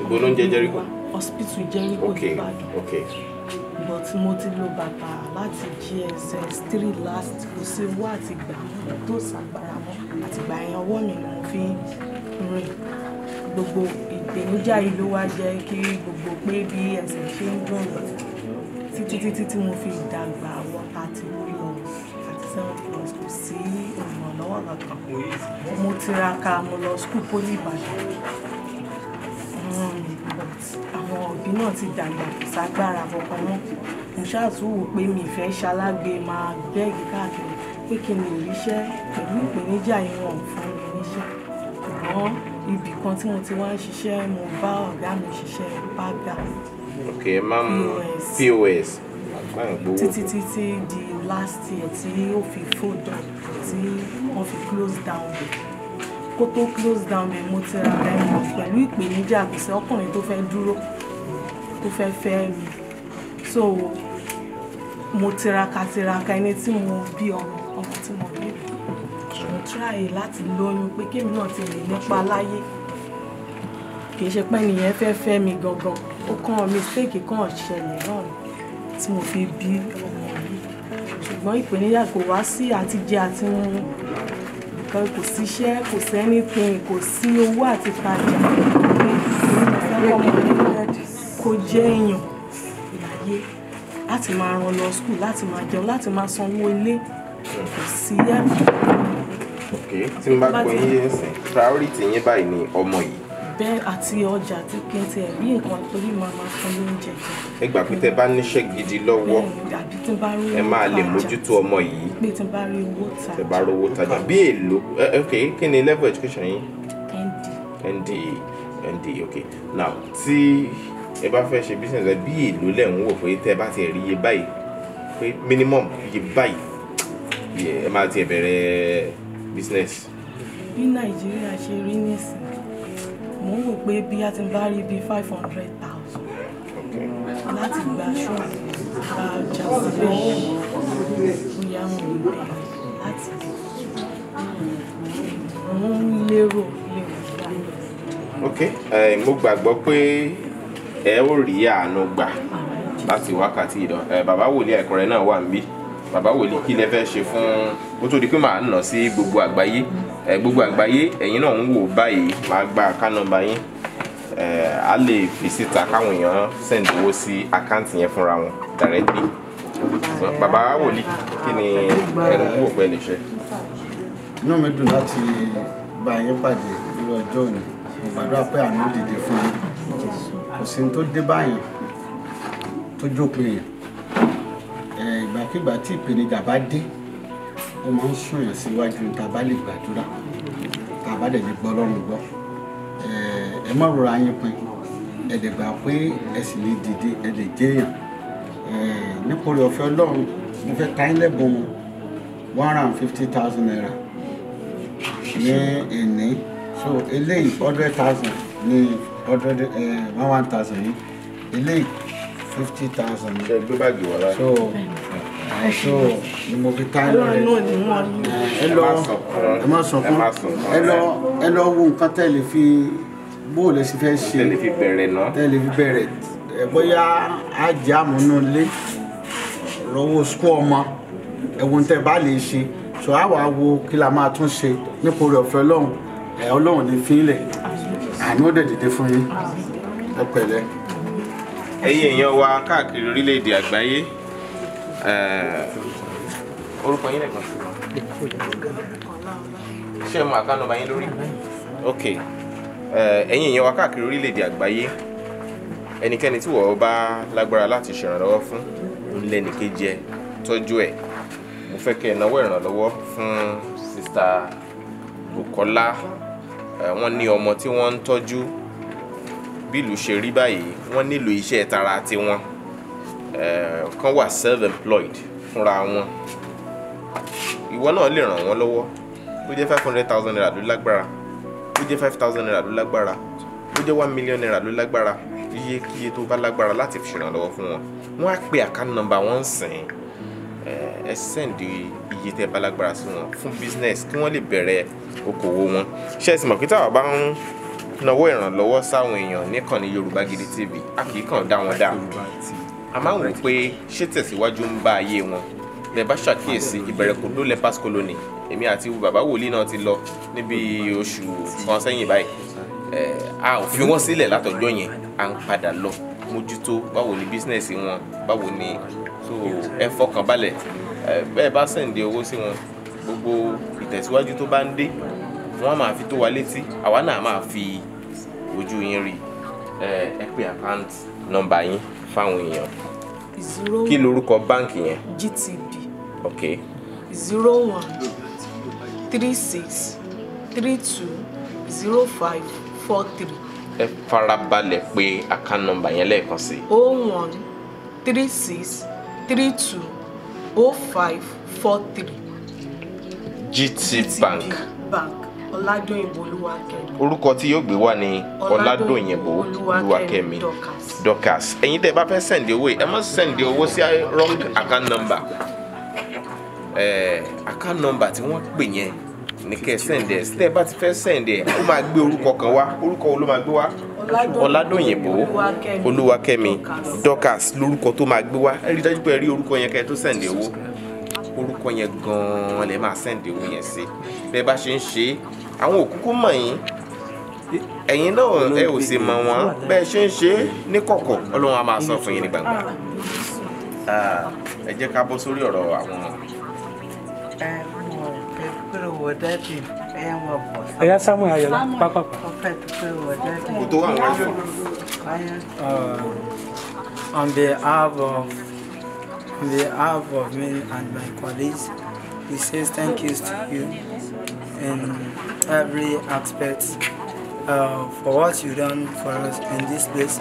ìgbó ló ń jẹ́ Jẹ́ríkò. hospital Jẹ́ríkò Ìbàdàn but mo ti lo bàtà láti GSS three last kò sí owó àtìgbà tó ṣàgbára mọ́ àtìgbà yẹn ọwọ́ mi ni mo fi rìn gbogbo ìpèníjà yìí ló wá jẹ́ kí gbogbo pé bí ẹsẹ̀ ṣe ń dùn títí títí tí mo fi dàgbà wàhálà mo tiraka mo lọ skul poli ìbàdàn àwọn òbí náà ti dàgbà ságbára kankan mọ́ mo ṣàtúwò pé mi ìfẹ́ ṣalágbe máa bẹ́ẹ̀gì káàkiri pé kí ni ìríṣẹ́ pẹ̀lú ìpèníjà ìwọ̀n fún mi níṣẹ́ ṣùgbọ́n ibì kan tí mo ti wá ń ṣiṣẹ́ mo bá ọ̀gá mi ṣiṣẹ́ bága ok mam pos títí títí di last year tí ó fi fódà tí wọ́n fi close down bẹ̀ kó tó close down bẹ̀ mo ti ra diamond pẹ̀lú ìpèníjà kò sí ọkùnrin tó fẹ́ dúró tó fẹ́ fẹ́ mi so mo tiraka tiraka ẹni tí mo bí ọmọ ọmọ tí mo bí mo try láti lóyún pé kémi náà ti lè nípa láyé kì í ṣe pé nìyẹn fẹ́ fẹ́ mi gangan ó kàn mistake kan ṣẹlẹ̀ náà tí mo fi bí ọmọ yìí ṣùgbọ́n ìpèníjà kò wá sí àtijẹ àti mímu kankan kò sí kò sẹ́ni pin kò sí owó àti tajà kò jẹ́ èèyàn láyé láti máa ràn lọ skul láti máa jẹun láti máa sanwó ilé kò sí yàtọ̀. ok tí n bá gbọ́ yín yẹn sìn priority yín báyìí ni ọmọ yìí bẹ́ẹ̀ àti ọjà tí kí n tiẹ̀ rí nǹkan torí màá máa fún lóúnjẹ jẹ. ẹ gbà pé tẹ bá níṣẹ́ gidi lọ́wọ́ ẹ máa lè mójútó ọmọ yìí tẹ bá rówó tajà bí èlò ok kí ni level education yín. nd nd ok now tí ẹ bá fẹ́ ṣe business ẹ bí èlò lẹ̀ ń wò pé tẹ bá ti rí iye báyìí pé minimum iye báyìí ẹ máa ti bẹ̀rẹ̀ business. bí nàìjíríà ṣe rí nísìnyí mo ń rò pé bí a ti ń bá rí bíi five hundred thousand láti gba ṣọ́ọ̀bù gba ọjà síbẹ̀ bóyá mo lè bẹ̀rẹ̀ láti mo ń lérò lérò láyé. ok mo gbàgbọ́ pé ẹ ó rí àánú gbà láti wákàtí ìdán bàbá wòlíì ẹ̀kọ́ rẹ̀ náà wà níbí bàbá wòlíì kí lẹ fẹ́ ṣe fún ó tó di pé màá nà sí gbogbo àgbáyé. Mm -hmm gbogbo àgbáyé ẹ̀yin náà ń wò báyìí màá gba account number yín a lè fi síta káwọn èèyàn send owó sí account yẹn fúnra wọn directly bàbá wòlíì kí ni ẹnu wò pé lè ṣe. inú mi dùn láti bá yín pàdé irú ọjọ́ òní mo gbàdúrà pé àánú dìde fún yín kò sí ní tó dé báyìí tó jókòó yẹn ìgbàkigbà tí ìpèníjà bá dé ó máa ń sòyàn síwájú tá a bá lè gbàdúrà tá a bá dẹ̀ lè gbọ́ ọlọ́run gbọ́ ẹ má rọra yín pin ẹ lè gbà pé ẹ sì lè dìde ẹ lè jẹ́yàn nípòrí ọ̀fẹ́ ọlọ́run mo fẹ́ ta yín lẹ́bùn one hundred and fifty thousand naira ní èní so eléyìí hundred thousand ní hundred eh, one one thousand yìí eléyìí fifty thousand. ṣe gbé báàgì wọ̀ láyé so mo fi ta ẹ lọ rẹ ẹ lọ ẹ má sọ fún ẹ lọ ẹ lọ wo nǹkan tẹ́ lè fi bó lè sì fẹ́ ṣe tẹ́ lè fi bẹ̀rẹ̀ náà tẹ́ lè fi bẹ̀rẹ̀ ẹ bóyá ajá àmúnú ilé rọwọ́ sukú ọmọ ẹ̀wọ̀n tẹ́ bá lè ṣe so a wàá wo kí la máa tún ṣe nípò rẹ̀ ọ̀fẹ́ ọlọ́run ẹ̀ ọlọ́run ní fínlẹ̀ àánú dẹ̀ dìde fún yín ẹ pẹ̀lẹ́. ẹ̀yin èèyàn wa káàkiri orílẹ̀-èdè àgbáyé Eh, orúkọ yín lẹ́gbọ̀n ṣé ẹ mọ àká nọ́mbà yín lórí ok eh, ẹ̀yin èèyàn wa káàkiri orílẹ̀-èdè àgbáyé ẹnikẹ́ni tí wọ́n bá lágbára láti ṣèrànlọ́wọ́ fún ńlẹ́nìkejì ẹ tọ́jú ẹ̀ mo fẹ́ kẹ́ ẹ náwó ìrànlọ́wọ́ fún sista Bùkọ́lá eh, wọ́n ní ọmọ tí wọ́n ń tọ́jú bí ṣe rí báyìí wọ́n nílò iṣẹ́ tara tiwọn. Eh, kan wà self-employed fúnra wọn ìwọ náà lè ràn wọ́n lọ́wọ́ ó jẹ́ five hundred thousand naira ló lágbára ó jẹ́ five thousand naira ló lágbára ó jẹ́ one million naira ló lágbára iye kíye tó bá lágbára láti fi ṣèrànlọ́wọ́ fún wọn wọ́n á pe àkáǹtì nọ́mbà wọn sìn eh, ẹ sẹ́ǹdì iye tẹ́ bá lágbára sí wọn fún business kí wọ́n lè bẹ̀rẹ̀ okòwò wọn ṣé ẹ sì mọ̀ pé táwa bá ń nawọ́ ìrànlọ́wọ́ sáwọn èèyàn níkànnì Yorùbá Gidi TV a kì í kàn dá wọn dá a máa ń wò pé ṣé tẹ̀síwájú ń bá ayé wọn lẹ bá ṣàkíyèsí ìbẹ̀rẹ̀ kò dó lẹ́pàs colony èmi àti bàbá wòlíì náà ti lọ níbi oṣù kan sẹ́yìn báyìí a ò fi wọ́n sílẹ̀ látọjọ́ yẹn à ń padà lọ mójútó báwo ni bísínẹ́sì wọn báwo ni so ẹ fọkàn balẹ̀ bẹ́ẹ̀ bá sẹ̀ǹdì owó sí wọn gbogbo ìtẹ̀síwájú tó bá ń dé wọn á máa fi tó wa létí àwa náà máa fi ojú yín rí ẹ pé àkáǹtì nọ́mbà yín fáwọn èèyàn. zero kí lorúkọ báǹkì yẹn. GTB. ok. zero one three six three two zero five four three. ẹ farabalẹ̀ pé account number yẹn lẹ́ẹ̀kan sí. o one three six three two o five four three. GT, GT Bank ọ̀làdóyìnbó olúwakẹ́mi. orúkọ tí yóò gbé wá ní ọ̀làdóyìnbó olúwakẹ́mi dorcas ẹ̀yin tẹ́ ẹ bá fẹ́ sẹ̀ǹdì owó yìí ẹ má sẹ̀ǹdì owó sí wrong account number account number tí wọ́n pè yẹn ní kẹ́ ẹ sẹ̀ǹdì ẹ̀ sílẹ̀ bá ti fẹ́ sẹ̀ǹdì ẹ̀ ó máa gbé orúkọ kan wá orúkọ wo ló máa gbé wá ọ̀làdóyìnbó olúwakẹ́mi dorcas lórúkọ tó máa gbé wá ẹ rí dájú pé ẹ rí orúkọ yẹn kẹ́ ẹ tó sẹ̀ǹdì owó orúkọ yẹn gan-an lè máa sẹ́ǹdì owó yẹn sí bẹ́ẹ̀ bá ṣe ń ṣe àwọn òkúkú mọ̀ yín ẹ̀yin náà ẹ ò sì mọ̀ wọ́n bẹ́ẹ̀ ṣe ń ṣe ní kọ̀kọ̀ ọlọ́run á máa sọ fún yín ní gbangba ẹ jẹ́ ká bọ́ sórí ọ̀rọ̀ àwọn. ẹ wọ pẹpẹ wọ dáàdì ẹ wọ bọ. ẹyà samuel ayọlá pápákọ. ọ pẹpẹ wọ dáàdì. kò tó wà wájú. Uh, on behalf of on behalf of me and my colleagues we say thank you to you in every aspect uh, for what you done for us in this place,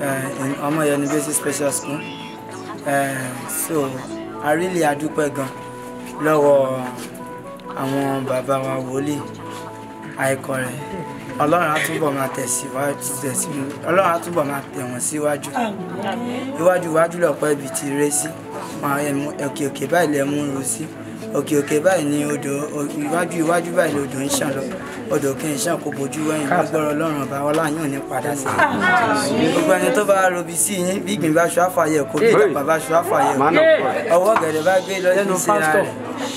uh, in Omo University Special School. Uh, so I really adúpẹ́ gan lọ́wọ́ àwọn bàbá wa wòlíì àìkọrẹ̀ ọlọ́run á túbọ̀ máa tẹ̀síwájú ọlọ́run á túbọ̀ máa tẹ̀ wọ́n síwájú iwájú iwájú lọ́pọ̀ ibi tí rẹ́ sí òkè òkè báyìí lẹ́ mú un ro sí. Si òkè òkè báyìí ni odò iwájú iwájú báyìí ni odò ń ṣàn lọ odò kì í ṣàn kó bojú wẹ̀yìn lágbára ọlọ́run ọba ọlá yóò ní padà sí i gbogbo ẹni tó bá robi sí yín bí ìgbìn ṣọ àfàyẹ kó bí ìjàpá bá ṣọ àfàyẹ ọwọ́ gẹ̀dẹ̀ bá gbé lọ sí ìsinra rẹ̀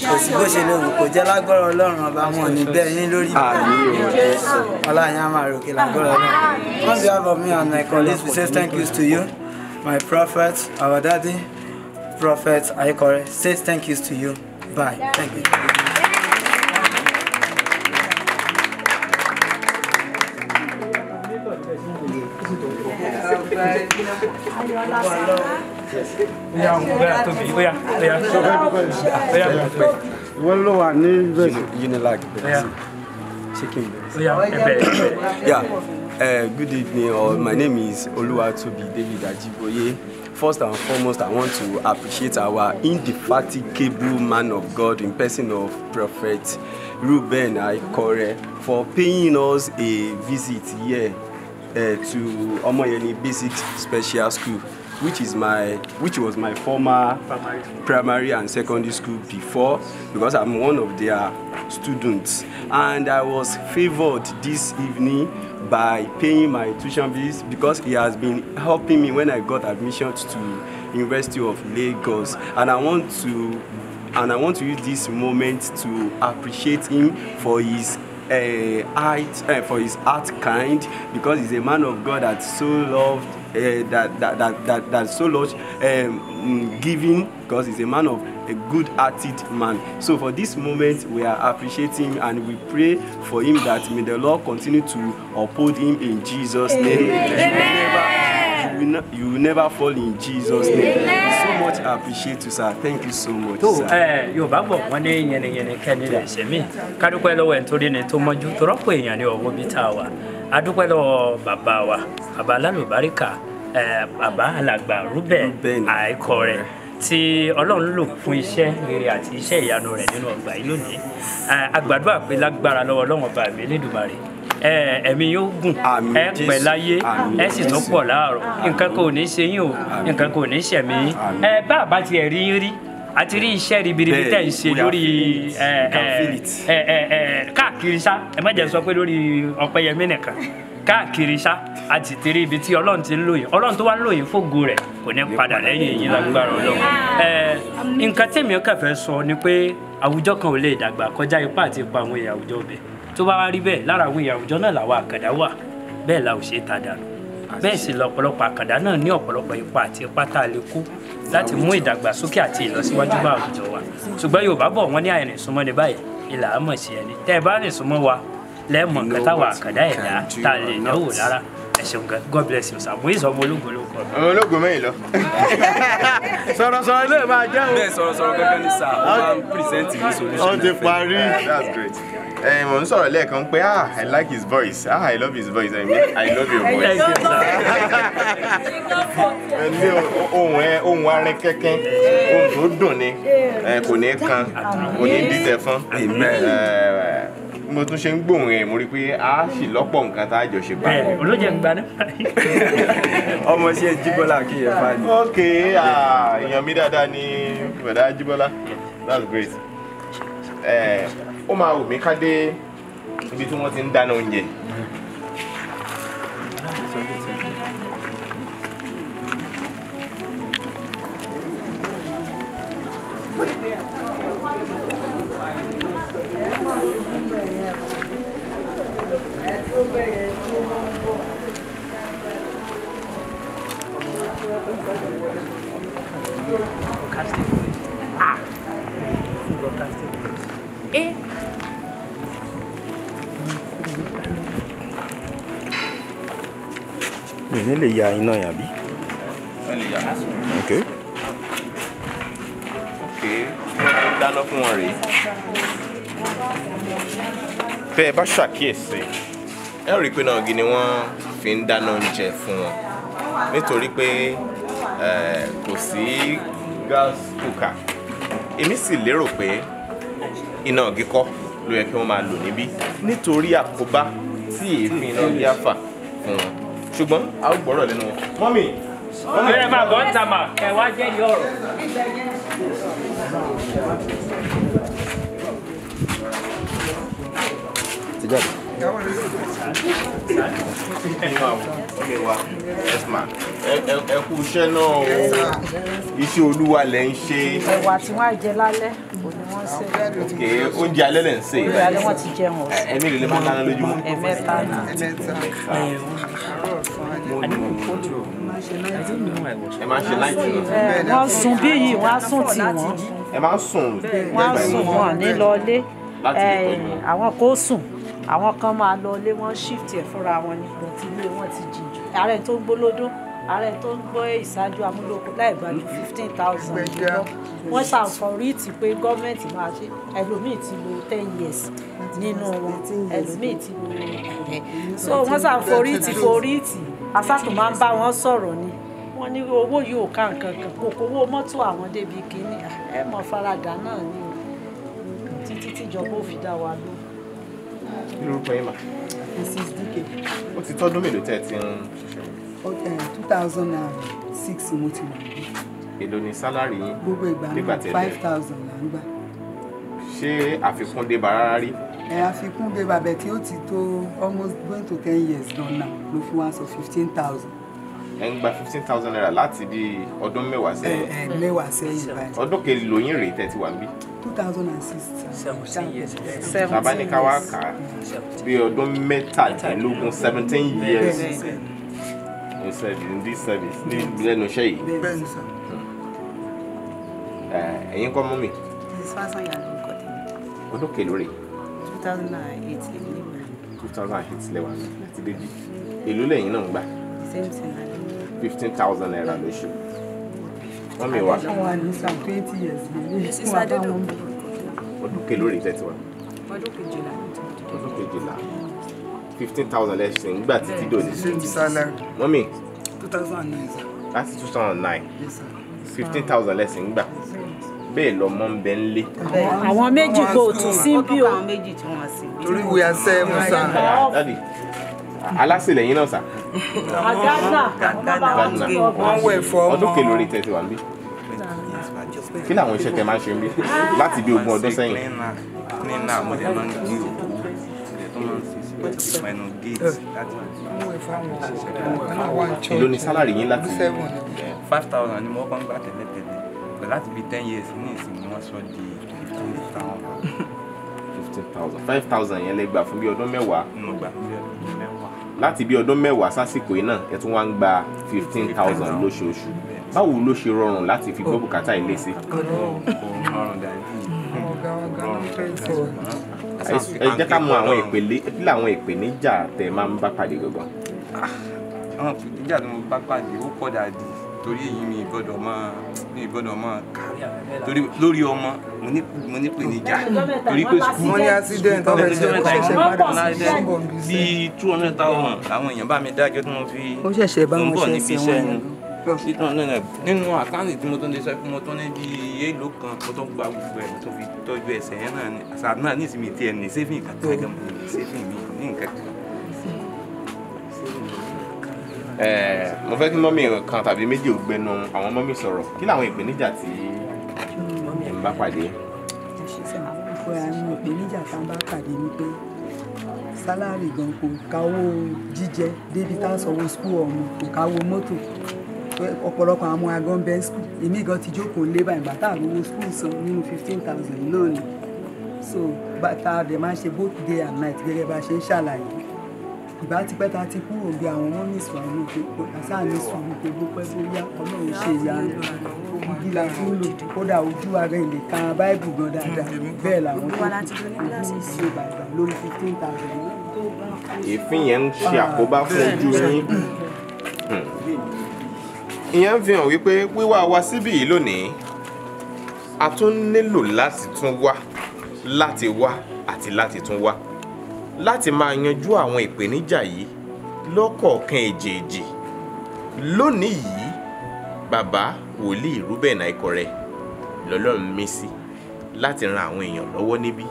kò sí bó ṣe léwu kò jẹ́ lágbára ọlọ́run ọba wọn ní bẹ́ẹ̀ yín lórí ọlá my prophet our daddy prophet Aikore says thank you to you. Bye. Thank you. Oya oya tóbi oya oya oya gbẹ. Wọ́n ló wà ní bẹ́ẹ̀. Unilag bẹ̀rẹ̀ sí. Chicken bẹ̀rẹ̀ sí. Oya ẹ bẹ̀rẹ̀. Yeah, uh, good evening. All. My name is Oluwatobi David Ajiboye. First and foremost, I want to appreciate our indefatigable man of God in person of Prophet Ruben Aikore for paying us a visit here uh, to Omoyeni Basic Special School, which is my, which was my former primary, and secondary school before, because I'm one of their students, and I was favoured this evening by paying my tuition fees because he has been helping me when I got admission to University of Lagos and I want to and I want to use this moment to appreciate him for his uh, art uh, for his art kind because he's a man of God that so loved uh, that, that, that, that, that so much um, giving because he's a man of a good-hearted man. So for this moment, we are appreciating him and we pray for him that may the Lord continue to uphold him in Jesus' name. Amen. You, will never, you will never fall in Jesus' name. Amen. So much I appreciate you, sir. Thank you so much. tó ẹ eh, yorùbá bọ̀ wọ́n ní yẹnìyẹnì kẹ́ni rẹ̀ ṣe mí kádúpẹ́ lọ́wọ́ ẹ̀ nítorí ni tó mọ́jú tó rọ́pò èèyàn ní ọwọ́ bí tá a wà adúpẹ́ lọ́wọ́ bàbá wa bàbá tí ọlọ́run lò fún iṣẹ́ rere àti iṣẹ́ ìyanu rẹ̀ nínú ọgbà yìí lónìí àgbàdo àpè lágbára lọ́wọ́ ọlọ́run ọba mi lẹ́dùnmarè ẹ̀mí yóò gùn ẹ pẹ́ láyé ẹ sì tún pọ̀ láàrọ̀ nǹkan kò ní ṣe yín o nǹkan kò ní ṣẹ̀mí ẹ bá àbá tiẹ̀ rí yín rí àti rí iṣẹ́ ribiribi tẹ̀ ń ṣe lórí káàkiri sá ẹ má jẹ́ sọ pé lórí ọ̀pẹ̀yẹmí nìkan káàkiri ṣá a ti tiri ibi tí ọlọ́run ti ń lò yín ọlọ́run tó wá ń lò yín fògo rẹ̀ kò ní padà lẹ́yìn yín lágbára ọlọ́run nǹkan tèmi kàn fẹ́ sọ ni pé àwùjọ kan ò lè dàgbà kọjá ipá àti ipa àwọn èèyàn àwùjọ bẹ̀ tó bá wá rí bẹ́ẹ̀ lára àwọn èèyàn àwùjọ náà làwọn àkàndá wà bẹ́ẹ̀ la ò ṣe é ta dànù bẹ́ẹ̀ sì lọ́pọ̀lọpọ̀ àkàndá náà ní ọ̀pọ̀lọpọ̀ ipa àti ipá tá a lè kó láti mú ìdàgbàsókè àti ìlọsíwájú bá àwùjọ wa ṣùgbọ́n Yorùbá bọ̀ wọ́n ní àìrìnsúnmọ́ni báyìí ìlà àmọ̀ sí ẹni tẹ́ ẹ bá rìnsúnmọ́ wa lẹ́ẹ̀mọ̀ nǹkan táwa àkàndá ẹ̀dá tá a lè náwó lára ẹ ṣeun gan god bless you sir mo yí sọ ọmọ ológo ló kọ. ọmọ ológo mẹ́yìn lọ. sọ̀rọ̀sọ̀rọ̀ ló máa jẹ́ o. bẹ́ẹ̀ sọ̀rọ̀sọ̀rọ̀ gẹ́gẹ́ ni sir ó máa ń present the solution. ó ti parí. that's great. ẹ eh, mò ń sọ̀rọ̀ lẹ́ẹ̀kan pé ah i like his voice ah i love his voice i mean i love your voice. ẹni ohun ẹ ohun arin kẹ́kẹ́ ohun tó dùn ni eh, kò ní kan kò ní dìtẹ̀ fún mo tún ṣe ń gbóhùn ẹ̀ mo rí i pé a sì lọ́pọ̀ nǹkan tá a jọ ṣe pa. ẹ olóòjẹ ń gba ní. <laughs> ọmọ ṣe jíbọ́lá kí ẹ bá ní. ok èèyàn mi dáadáa ni bọ̀dá jíbọ́lá that's great. ó máa wù mí ká dé ibi tí wọ́n ti ń dáná oúnjẹ. Mwen ah. e le ya inan ya bi Mwen e le ya nas Mwen e le ya nas ẹ rí i pé náà gini wọ́n fi ń dáná oúnjẹ fún wọn nítorí pé kò sí gas cooker èmi sì lérò pé iná ọ̀gí kọ́ ló yẹ kí wọ́n máa lò níbí nítorí àkóbá tí èéfín iná ọ̀gí àfà fún wọn ṣùgbọ́n a ó gbọ́rọ̀ lẹ́nu wọn. mọ́mì mọ́mì ẹ̀rẹ́ máa bọ́ ta mà ẹ̀ wá jẹ́ ìyá ọ̀rọ̀. ti jáde ẹ kú iṣẹ́ náà o iṣẹ́ olúwa lẹ ń ṣe. ẹ̀wà tí wọ́n á jẹ lálẹ́ kò ní ṣe. ok oúnjẹ alẹ́ lẹ̀ ń ṣe. oúnjẹ alẹ́ wọ́n ti jẹun ọ̀sán. ẹ̀mí lè lè máa dáná lójúmọ́. ẹ̀mẹ́ta náà. ẹ̀mẹ́ta. ẹ máa ṣe láìpẹ́ lọ. wọ́n sùn bí yìí wọ́n á sùn tì wọ́n. ẹ máa sùn. wọ́n á sùn wọn ní lọ́ọ́lé àwọn kò sùn àwọn kan máa lọ ilé wọn shift ẹ̀ fúnra wọn ni But ti ilé wọn ti jìn jù ààrẹ tó ń gbólódún ààrẹ tó ń gbọ́ ìṣáájú amúlòkó láì gbàjú fifteen thousand lọ wọ́n ṣàǹfọ̀rìtì pé gọ́ọ̀mẹ̀ntì máa ṣe ẹlòmíì ti lo ten years nínú wọn ẹlòmíì ti lo ẹ̀ so wọ́n ṣàǹfọ̀rìtì forìtì asátò máa ń bá wọn sọ̀rọ̀ ni wọ́n ní owó yìí ò ká nǹkan kan kò kówó mọ́tò àwọn débi kínní ẹ̀ mọ̀ faradà náà ni títí tíjọba ò fi dá wa lóhùn lórúkọ yín mà. mrs dike. ó ti tọ́dún mélòó tẹ́ ẹ ti ń ṣiṣẹ́. Mm. Eh, two thousand and six mo ti wà ní. èló ni sálárì yín. gbogbo ìgbà náà five thousand là ń gbà. ṣé àfikún dé bá rárá rí. ẹ eh, àfikún dé bàbẹ tí ó ti tó almost going to ten years gan náà ló fún wa sọ fifteen thousand ẹ̀ ń gba fifteen thousand naira láti bí ọdún mẹ́wàá sẹ́yìn. ẹ ẹ mẹ́wàá sẹ́yìn báyìí. ọdún kejì lóyún rèé tẹ̀sí wà ń bí. two thousand and sixteen. seventeen years. bàbá ní ká wá kà á bí ọdún mẹ́tàdínlógún seventeen years. ní service ní this service ní lẹ́nu iṣẹ́ yìí. ẹ̀yin kọ́ mú mi. mrs fasanya ló ń kọ́ tẹ̀lé. ọdún kejì lórí. two thousand and eight lè two thousand and eight lè wà ní àti bébí èlò lẹ́yìn náà ń gbà. same thing fifteen thousand naira lóṣù wọ́n mi wá. àwọn àníṣà twenty years lè ní wà táwọn bí. ọdún kèlò rè tẹ́tí wa. ọdún kejìlá. ọdún kejìlá fifteen thousand lẹ́sìn nígbà títí dòní. wọ́n mi. two thousand and láti two thousand and nine. fifteen thousand lẹ́sìn nígbà bẹ́ẹ̀ lọ́mọ ń bẹ ń lé. àwọn méjì kò tún sí bí o. torí wíyá sẹ́ẹ̀ musa alásìlẹyìn náà sà. Ghana wọ́n wẹ̀ fọ́ ọmọ ọdún kèlórí tẹ̀sí wà ń bí kí làwọn iṣẹ́ tẹ máa ṣe ń bí láti bí ogún ọdún sẹ́yìn. èló ni sálárì yín láti. five thousand ni mo kàn gbà tẹ́lẹ̀ tẹ́lẹ̀ pẹ̀lú láti bí ten years ní ìsìn ni wọ́n sọ di fifteen thousand. fifteen thousand five thousand yẹn lè gbà fún bí ọdún mẹ́wàá. mo gbà fún bí ọdún mẹ́wàá láti bí ọdún mẹ́wàá sásìkò yìí náà ẹ tún wá ń gba fifteen thousand lóṣooṣù báwo ló ṣe rọrùn láti fi gbọ́ bùkátà ilé sí. ẹ jẹ́ ká mọ àwọn ìpele kí làwọn ìpèníjà tẹ máa ń bá pàdé gangan. Ah, àwọn ìpèníjà tó ń bá pàdé ó pọ̀ dàdí torí èyí mi ìgbọ́dọ̀ máa mi ìgbọ́dọ̀ máa kà torí lórí ọmọ mo ní pèníjà torí pé sukùl wọn ní accident ọmọ ẹsẹ ó ṣẹ̀ṣẹ̀ padà sí ṣùgbọ́n bíi two hundred thousand àwọn èèyàn bá mi dájọ́ tí wọ́n fi ó ṣẹ̀ṣẹ̀ bá wọn ṣe sí wọn nínú àkáǹtì tí mo tún lè sọ pé mo tún ní bí èèlò kan mo tún gba gbogbo ẹ̀ mo tún fi tọ́jú ẹsẹ̀ yẹn náà ni àṣà náà ní ìsinmi tiẹ̀ ní sẹ́fìn kankan mo ní sẹ́fìn mi ní nǹkan kan mo fẹ́ kí mọ́mí kan tàbí méjì ò gbẹnu àwọn mọ́mí sọ̀rọ̀ kí làwọn ìpèníjà tí ń bá pàdé. àwọn ìpèníjà tá a bá pàdé ni pé sálárì gan kò káwó jíjẹ débi tá a sanwó skul ọmọ kò káwó mọ́tò ọ̀pọ̀lọpọ̀ àwọn agan bẹ́ẹ̀ skul èmi gan ti jókòó lé báyìí bàtà àbúrò skul san nínú fifteen thousand náà ni so bàtà dẹ̀ máa ń ṣe both day and night gẹ́gẹ́ bá a ṣe ń ṣàlàyé ìbá ti pẹ́ ta ti kúrò bí àwọn wọn ní ìsùn àwọn òkèkò àṣà ní sùúrù tó dúpẹ́ bóyá ọlọ́run ṣe ìyanu igi la fi lò kódà ojú ara ilé ka báìbù gan dáadáa bẹ́ẹ̀ làwọn tó kú ṣe bàbá lórí fifteen thousand. èéfín yẹn ń ṣe àkóbá fún ojú yín ìyẹn ń fi hàn wípé wíwá wa síbí yìí lónìí a tún nílò láti tún wá láti wá àti láti tún wá láti máa yanjú àwọn ìpèníjà yìí lọ́kọ̀ọ̀kan èjèèjì lónìí yìí bàbá wòlíì Reuben Aikore lọ́lọ́run mí sí láti ran àwọn èèyàn lọ́wọ́ níbí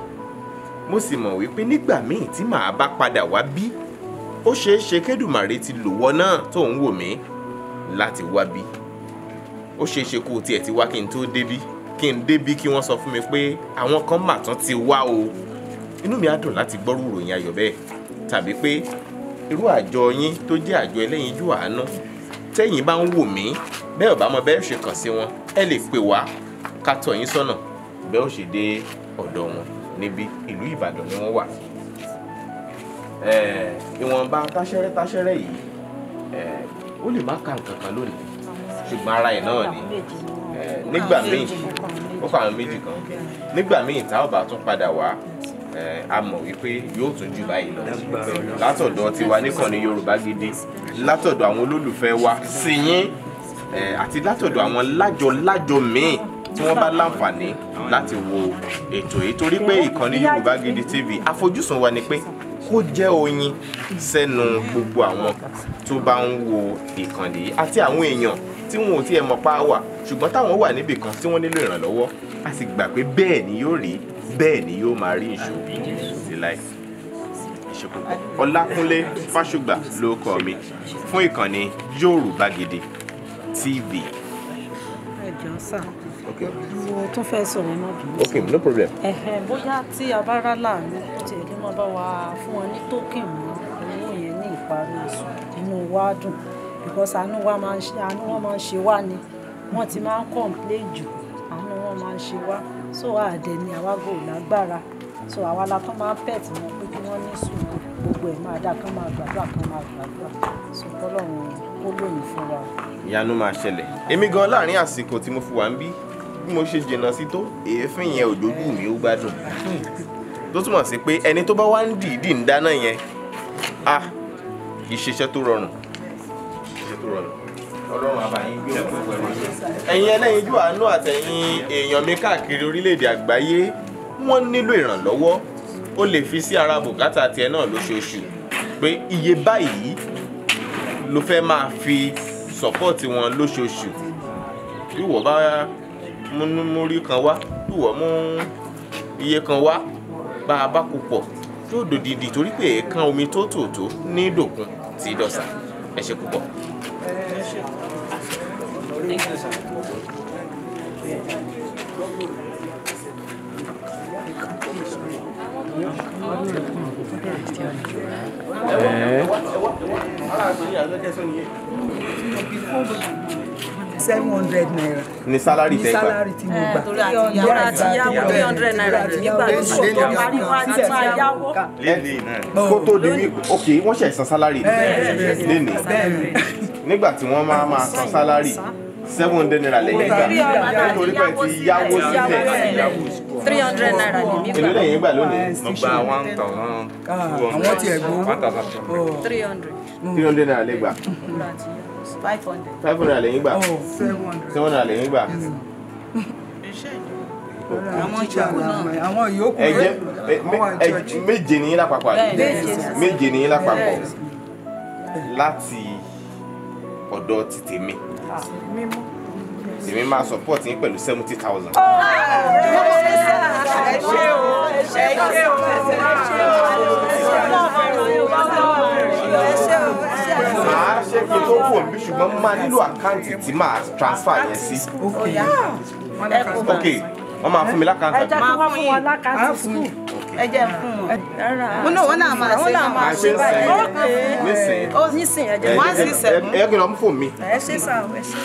mo sì mọ̀ wípé nígbà míì tí màá bá padà wá bí ó ṣeé ṣe kédùmàrè ti lòwọ́ náà tó ń wò mí láti wá bí ó ṣeé ṣe kó o tiẹ̀ ti wá kí n tó débí kí n débí kí wọ́n sọ fún mi pé àwọn kan mà tán ti wá o inú mi á dùn láti gbọ́rú ìròyìn ayọ̀ bẹ́ẹ̀ tàbí pé irú àjọ yín tó jẹ́ àjọ ẹlẹ́yinjú àánú tẹ́yìn bá ń wò mí bẹ́ẹ̀ ò bá mọ bẹ́ẹ̀ ṣe kàn sí wọn ẹ lè pè wá ká tọ̀ yín sọ́nà bẹ́ẹ̀ ò ṣe dé ọ̀dọ̀ wọn níbi ìlú Ìbàdàn ni wọ́n wà ìwọ̀nba táṣẹ́rẹ́ táṣẹ́rẹ́ yìí ó lè má ka nǹkan kan lónìí ṣùgbọ́n ara ẹ̀ náà ni nígbà míì ó kà àwọn méjì kan nígbà míì tá ò bá tún padà wá a mọ̀ wípé yóò tún jù báyìí lọ látọ̀dọ̀ tiwa níkànnì Yorùbá Gidi látọ̀dọ̀ àwọn olólùfẹ́ wa sí yín àti látọ̀dọ̀ àwọn lájọ-lájọ míì tí wọ́n bá láǹfààní láti wo ètò yìí torí pé ìkànnì Yorùbá Gidi TV àfojúsùn wa ni pé kó jẹ́ oyin sẹ́nu gbogbo àwọn tó bá ń wo ìkànnì yìí àti àwọn èèyàn tí wọn ò tiẹ̀ mọ̀ pa wà ṣùgbọ́n táwọn wà níbì kan tí wọ́n nílò ìrànlọ́wọ́ a sì gbà pé bẹ́ẹ̀ ni yóò rí bẹ́ẹ̀ ni yóò máa rí ìṣòro sí láì Ọlákúnlé Fásùgbà ló kọ mi fún ìkànnì Yorùbá Gidi TV. ẹ jọ̀ọ́ sà mo tún fẹ́ sọ̀rọ̀ iná dùn. ok no problem. bóyá tí a bá rà láàánú tí èdè máa bá wa fún ọ ní tókìn mọ́ owó yẹn ní ìparí oṣù inú wa dùn because àánú wa máa ń ṣe wá ni wọ́n ti máa ń complain jù àánú wọn máa ń ṣe wá so àdẹ ni àwa gò lágbára so àwa la kàn máa ń pẹ̀ tí wọ́n pé kí wọ́n ní sùúrù gbogbo ẹ̀ máa dá kán máa gbàdúrà kán máa gbàdúrà so kọ́lọ́run ó lóyún fún wa. ìyanu máa ṣẹlẹ̀ èmi gan láàrin àsìkò tí mo fi wà ń bí bí mo ṣe jìnnà sí tó èéfín yẹn òjòjú mi ó gbádùn tó túmọ̀ sí pé ẹni tó bá wá ń dìídì ń dáná yẹn ah ìṣiṣẹ́ tó rọrùn ìṣiṣẹ́ tó rọrùn ọlọ́run àbáyín gbé àánú àtẹ̀yin èèyàn mi káàkiri orílẹ̀-èdè àgbáyé wọ́n nílò ìrànlọ́wọ́ ó lè fi sí ara bùkátà tiẹ̀ náà lóṣooṣù pé iye báyìí ló fẹ́ máa fi sọ́pọ́ọ̀tì wọn lóṣooṣù ìwọ bá múrí kan wá ìwọ mú iye kan wá bá a bá kó pọ̀ yóò dòdìdì torí pé ẹ̀ẹ̀kan omi tó tòótó ní ìdòkun tí dọ̀sà ẹ ṣé púpọ̀ something. seven hundred naira. ni salary tẹ gbà. ni salary ti mo eh, gbà. torí àti three hundred naira nígbà tó tó parí wá àti yàwó. kó tó di ok wọ́n ṣe san salary nígbà tí wọ́n máa máa san salary seven hundred naira lẹ́yìn gbà nítorí pé ti yáwó sílẹ̀. three hundred naira lèmi gbà. èló lẹ́yìn gbà lónìí. mo gba one hundred. àwọn tiẹ̀ gbó. one thousand ah, hundred. three hundred. naira lẹ́gbà. five hundred. five hundred naira lẹ́yìn gbà. Oh. seven hundred. seven naira lẹ́yìn gbà àwọn yòókù rẹ méje ní lápapọ̀ méje ní lápapọ̀ láti ọ̀dọ̀ ti tèmi. Ah, èmi máa support yín pẹ̀lú seventy thousand. ẹ ṣé o ẹ ṣé o ẹ ṣé o màá ṣe kí n tó kú òbí ṣùgbọ́n máa nílò àkáǹtì tí màá transfer yẹn sí. ok wọ́n máa fún mi lákàntà. ẹ jẹ́ kí wọ́n fún wọn lákàntì skul ẹ jẹ́ fún wọn. wọn náà wọn náà máa ṣe wọn náà máa ṣe báyìí. nísìnyí nísìnyí ẹ jẹ́ wọ́n á sì sẹ́kún. ẹ kí ló ń fò mí. ẹ ṣe sá o ẹ ṣe.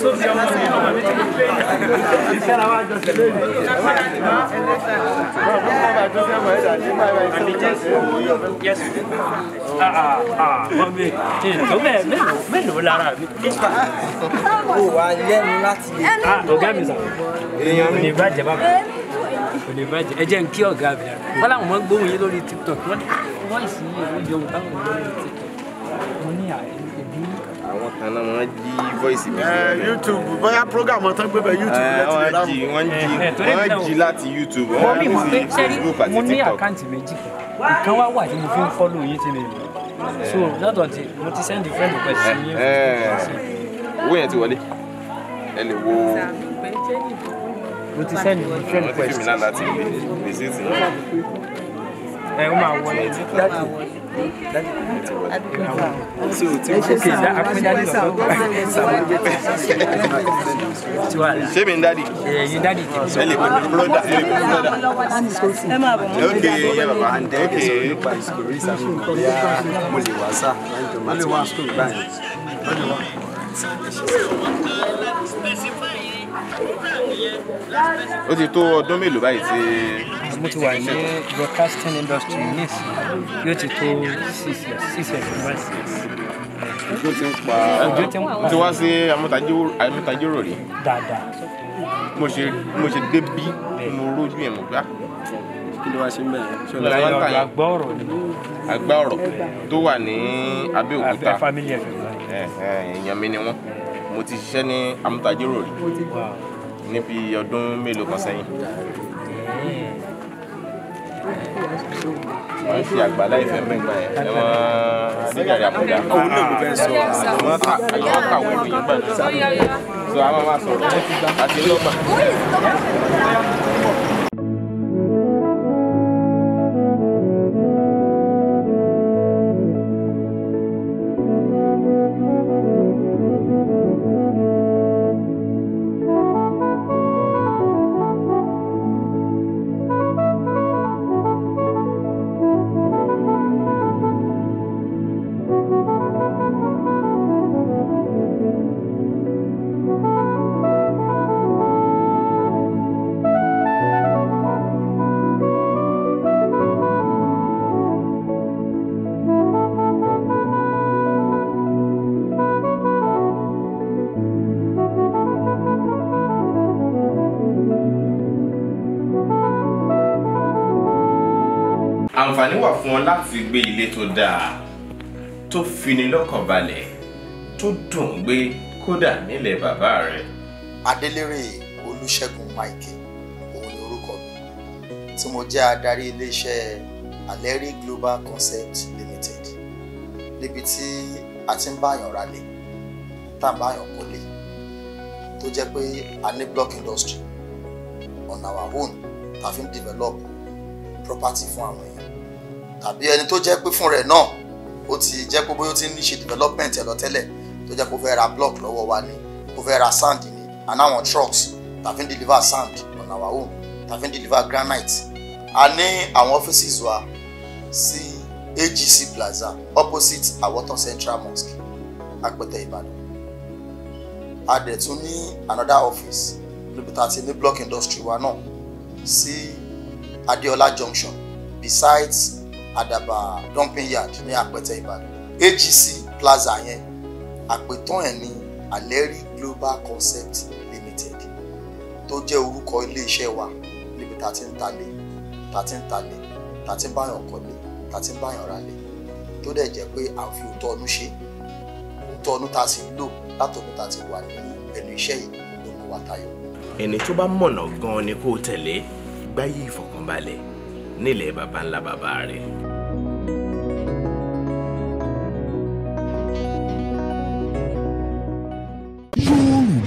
Yes. Ah ah ah. Mọ̀mí, tó bẹ́ẹ̀ mélòó mélòó lára mi. O wa lẹ́nu láti lè. Ọ̀gá mi sà. Èèyàn mi. Ní ìbàjẹ́ bá mi kò lè bàjẹ́ ẹ jẹ́ n kí ọ̀gá mi rẹ̀ wọ́n làwọn máa ń gbóhùn yín lórí tiktok wọ́n ní wọ́ọ̀sì yìí ló jẹun táwọn ò lórí tiktok mo ní àìní kan náà wọ́n jí voice mi. Eh, YouTube bóyá program ọ̀tán gbé bẹ̀ YouTube láti rí láwọn. wọ́n jí eh, eh, láti YouTube wọ́n jí sí Facebook àti TikTok. mo ní àkáǹtì méjì nǹkan wá wà tí fi ń follow yín tí mi so lọ́dọ̀ tí mo ti send friend request sí yín. owó yẹn ti wọlé ẹ lè wo mo ti send friend request. wọ́n ti fi mi náà láti rí rìsíìtì náà. ẹ ó máa wọlé dájú so tí o kókè dá akúndádì sọ tí wà lá. mi ń dádì. ẹ yín broda ẹ lè pẹ̀lú broda. baba and then ok nípa ìsòrí ìsàmì bóyá ti tó ọdún mélòó báyìí tí mo ti wà ní broadcasting industry nísìn yóò ti tó six years six years university. ojú ti mo ṣe mo mo rójú yẹn mo gbá kí ló wá sí mbẹ. láyọ̀ àgbà ọ̀rọ̀ ni. àgbà ọ̀rọ̀ tó wà ní èèyàn mi ni wọ́n mo ti ṣiṣẹ́ ní amútajóró rí níbi ọdún mélòó kan sẹ́yìn wọ́n ń ṣe àgbàlá ìfẹ́ mẹ́gbà yẹn ẹ wọ́n nígbàdí àbúdá. òun náà ló fẹ́ sọ àwọn àwọn kàwé ìròyìn gbà náà. sọ àwọn fi gbé ilé tó dáa tó fini lọ́kàn balẹ̀ tó dùn gbé kódà nílẹ̀ bàbá rẹ̀. Adélérè Olúṣẹ́gun Mike òun ni orúkọ mi tí mo jẹ́ adarí iléeṣẹ́ Aleri Global Concept Limited níbi tí a ti ń báyàn ralé tá a báyàn kọ́lé tó jẹ́ pé a ní block industry on our own ta fi ń develop property fún àwọn tàbí ẹni tó jẹ́ pé fún rẹ̀ náà ó ti jẹ́ pé bóyá ó ti ń ṣe development ẹ̀ lọ tẹ́lẹ̀ tó jẹ́ kó fẹ́ ra block lọ́wọ́ wa ni kó fẹ́ ra sand ni and àwọn trucks tàfi ń deliver sand on our own tàfi ń deliver granite a ní àwọn offices wa sí AGC Plaza opposite Awotan Central Mosque Apẹtẹ Ìbàdàn a dẹ̀ tún ní another office níbi tá a ti ní block industry wa náà sí Adeola Junction besides àdàbà dumping yard ní àpẹtẹ ìbàdàn agc plaza yẹn àpètàn ẹ̀ ní aleri global concept limited tó jẹ́ orúkọ iléeṣẹ́ wa níbi tá a ti ń talé tá a ti ń talé tá a ti ń báyàn kọ́lé tá a ti ń báyàn ralé tó dẹ̀ jẹ́ pé à ń fi òótọ́ ọdún ṣe òótọ́ ọdún tá a sì lò látọ̀dún tá ti wà nínú ẹnu iṣẹ́ yìí ló mú wa tayọ. ẹni tó bá mọ̀nà gan-an ni kó tẹ̀lé gbáyé ìfọ̀kànbalẹ̀ nílẹ̀ baba ńlá baba rẹ̀.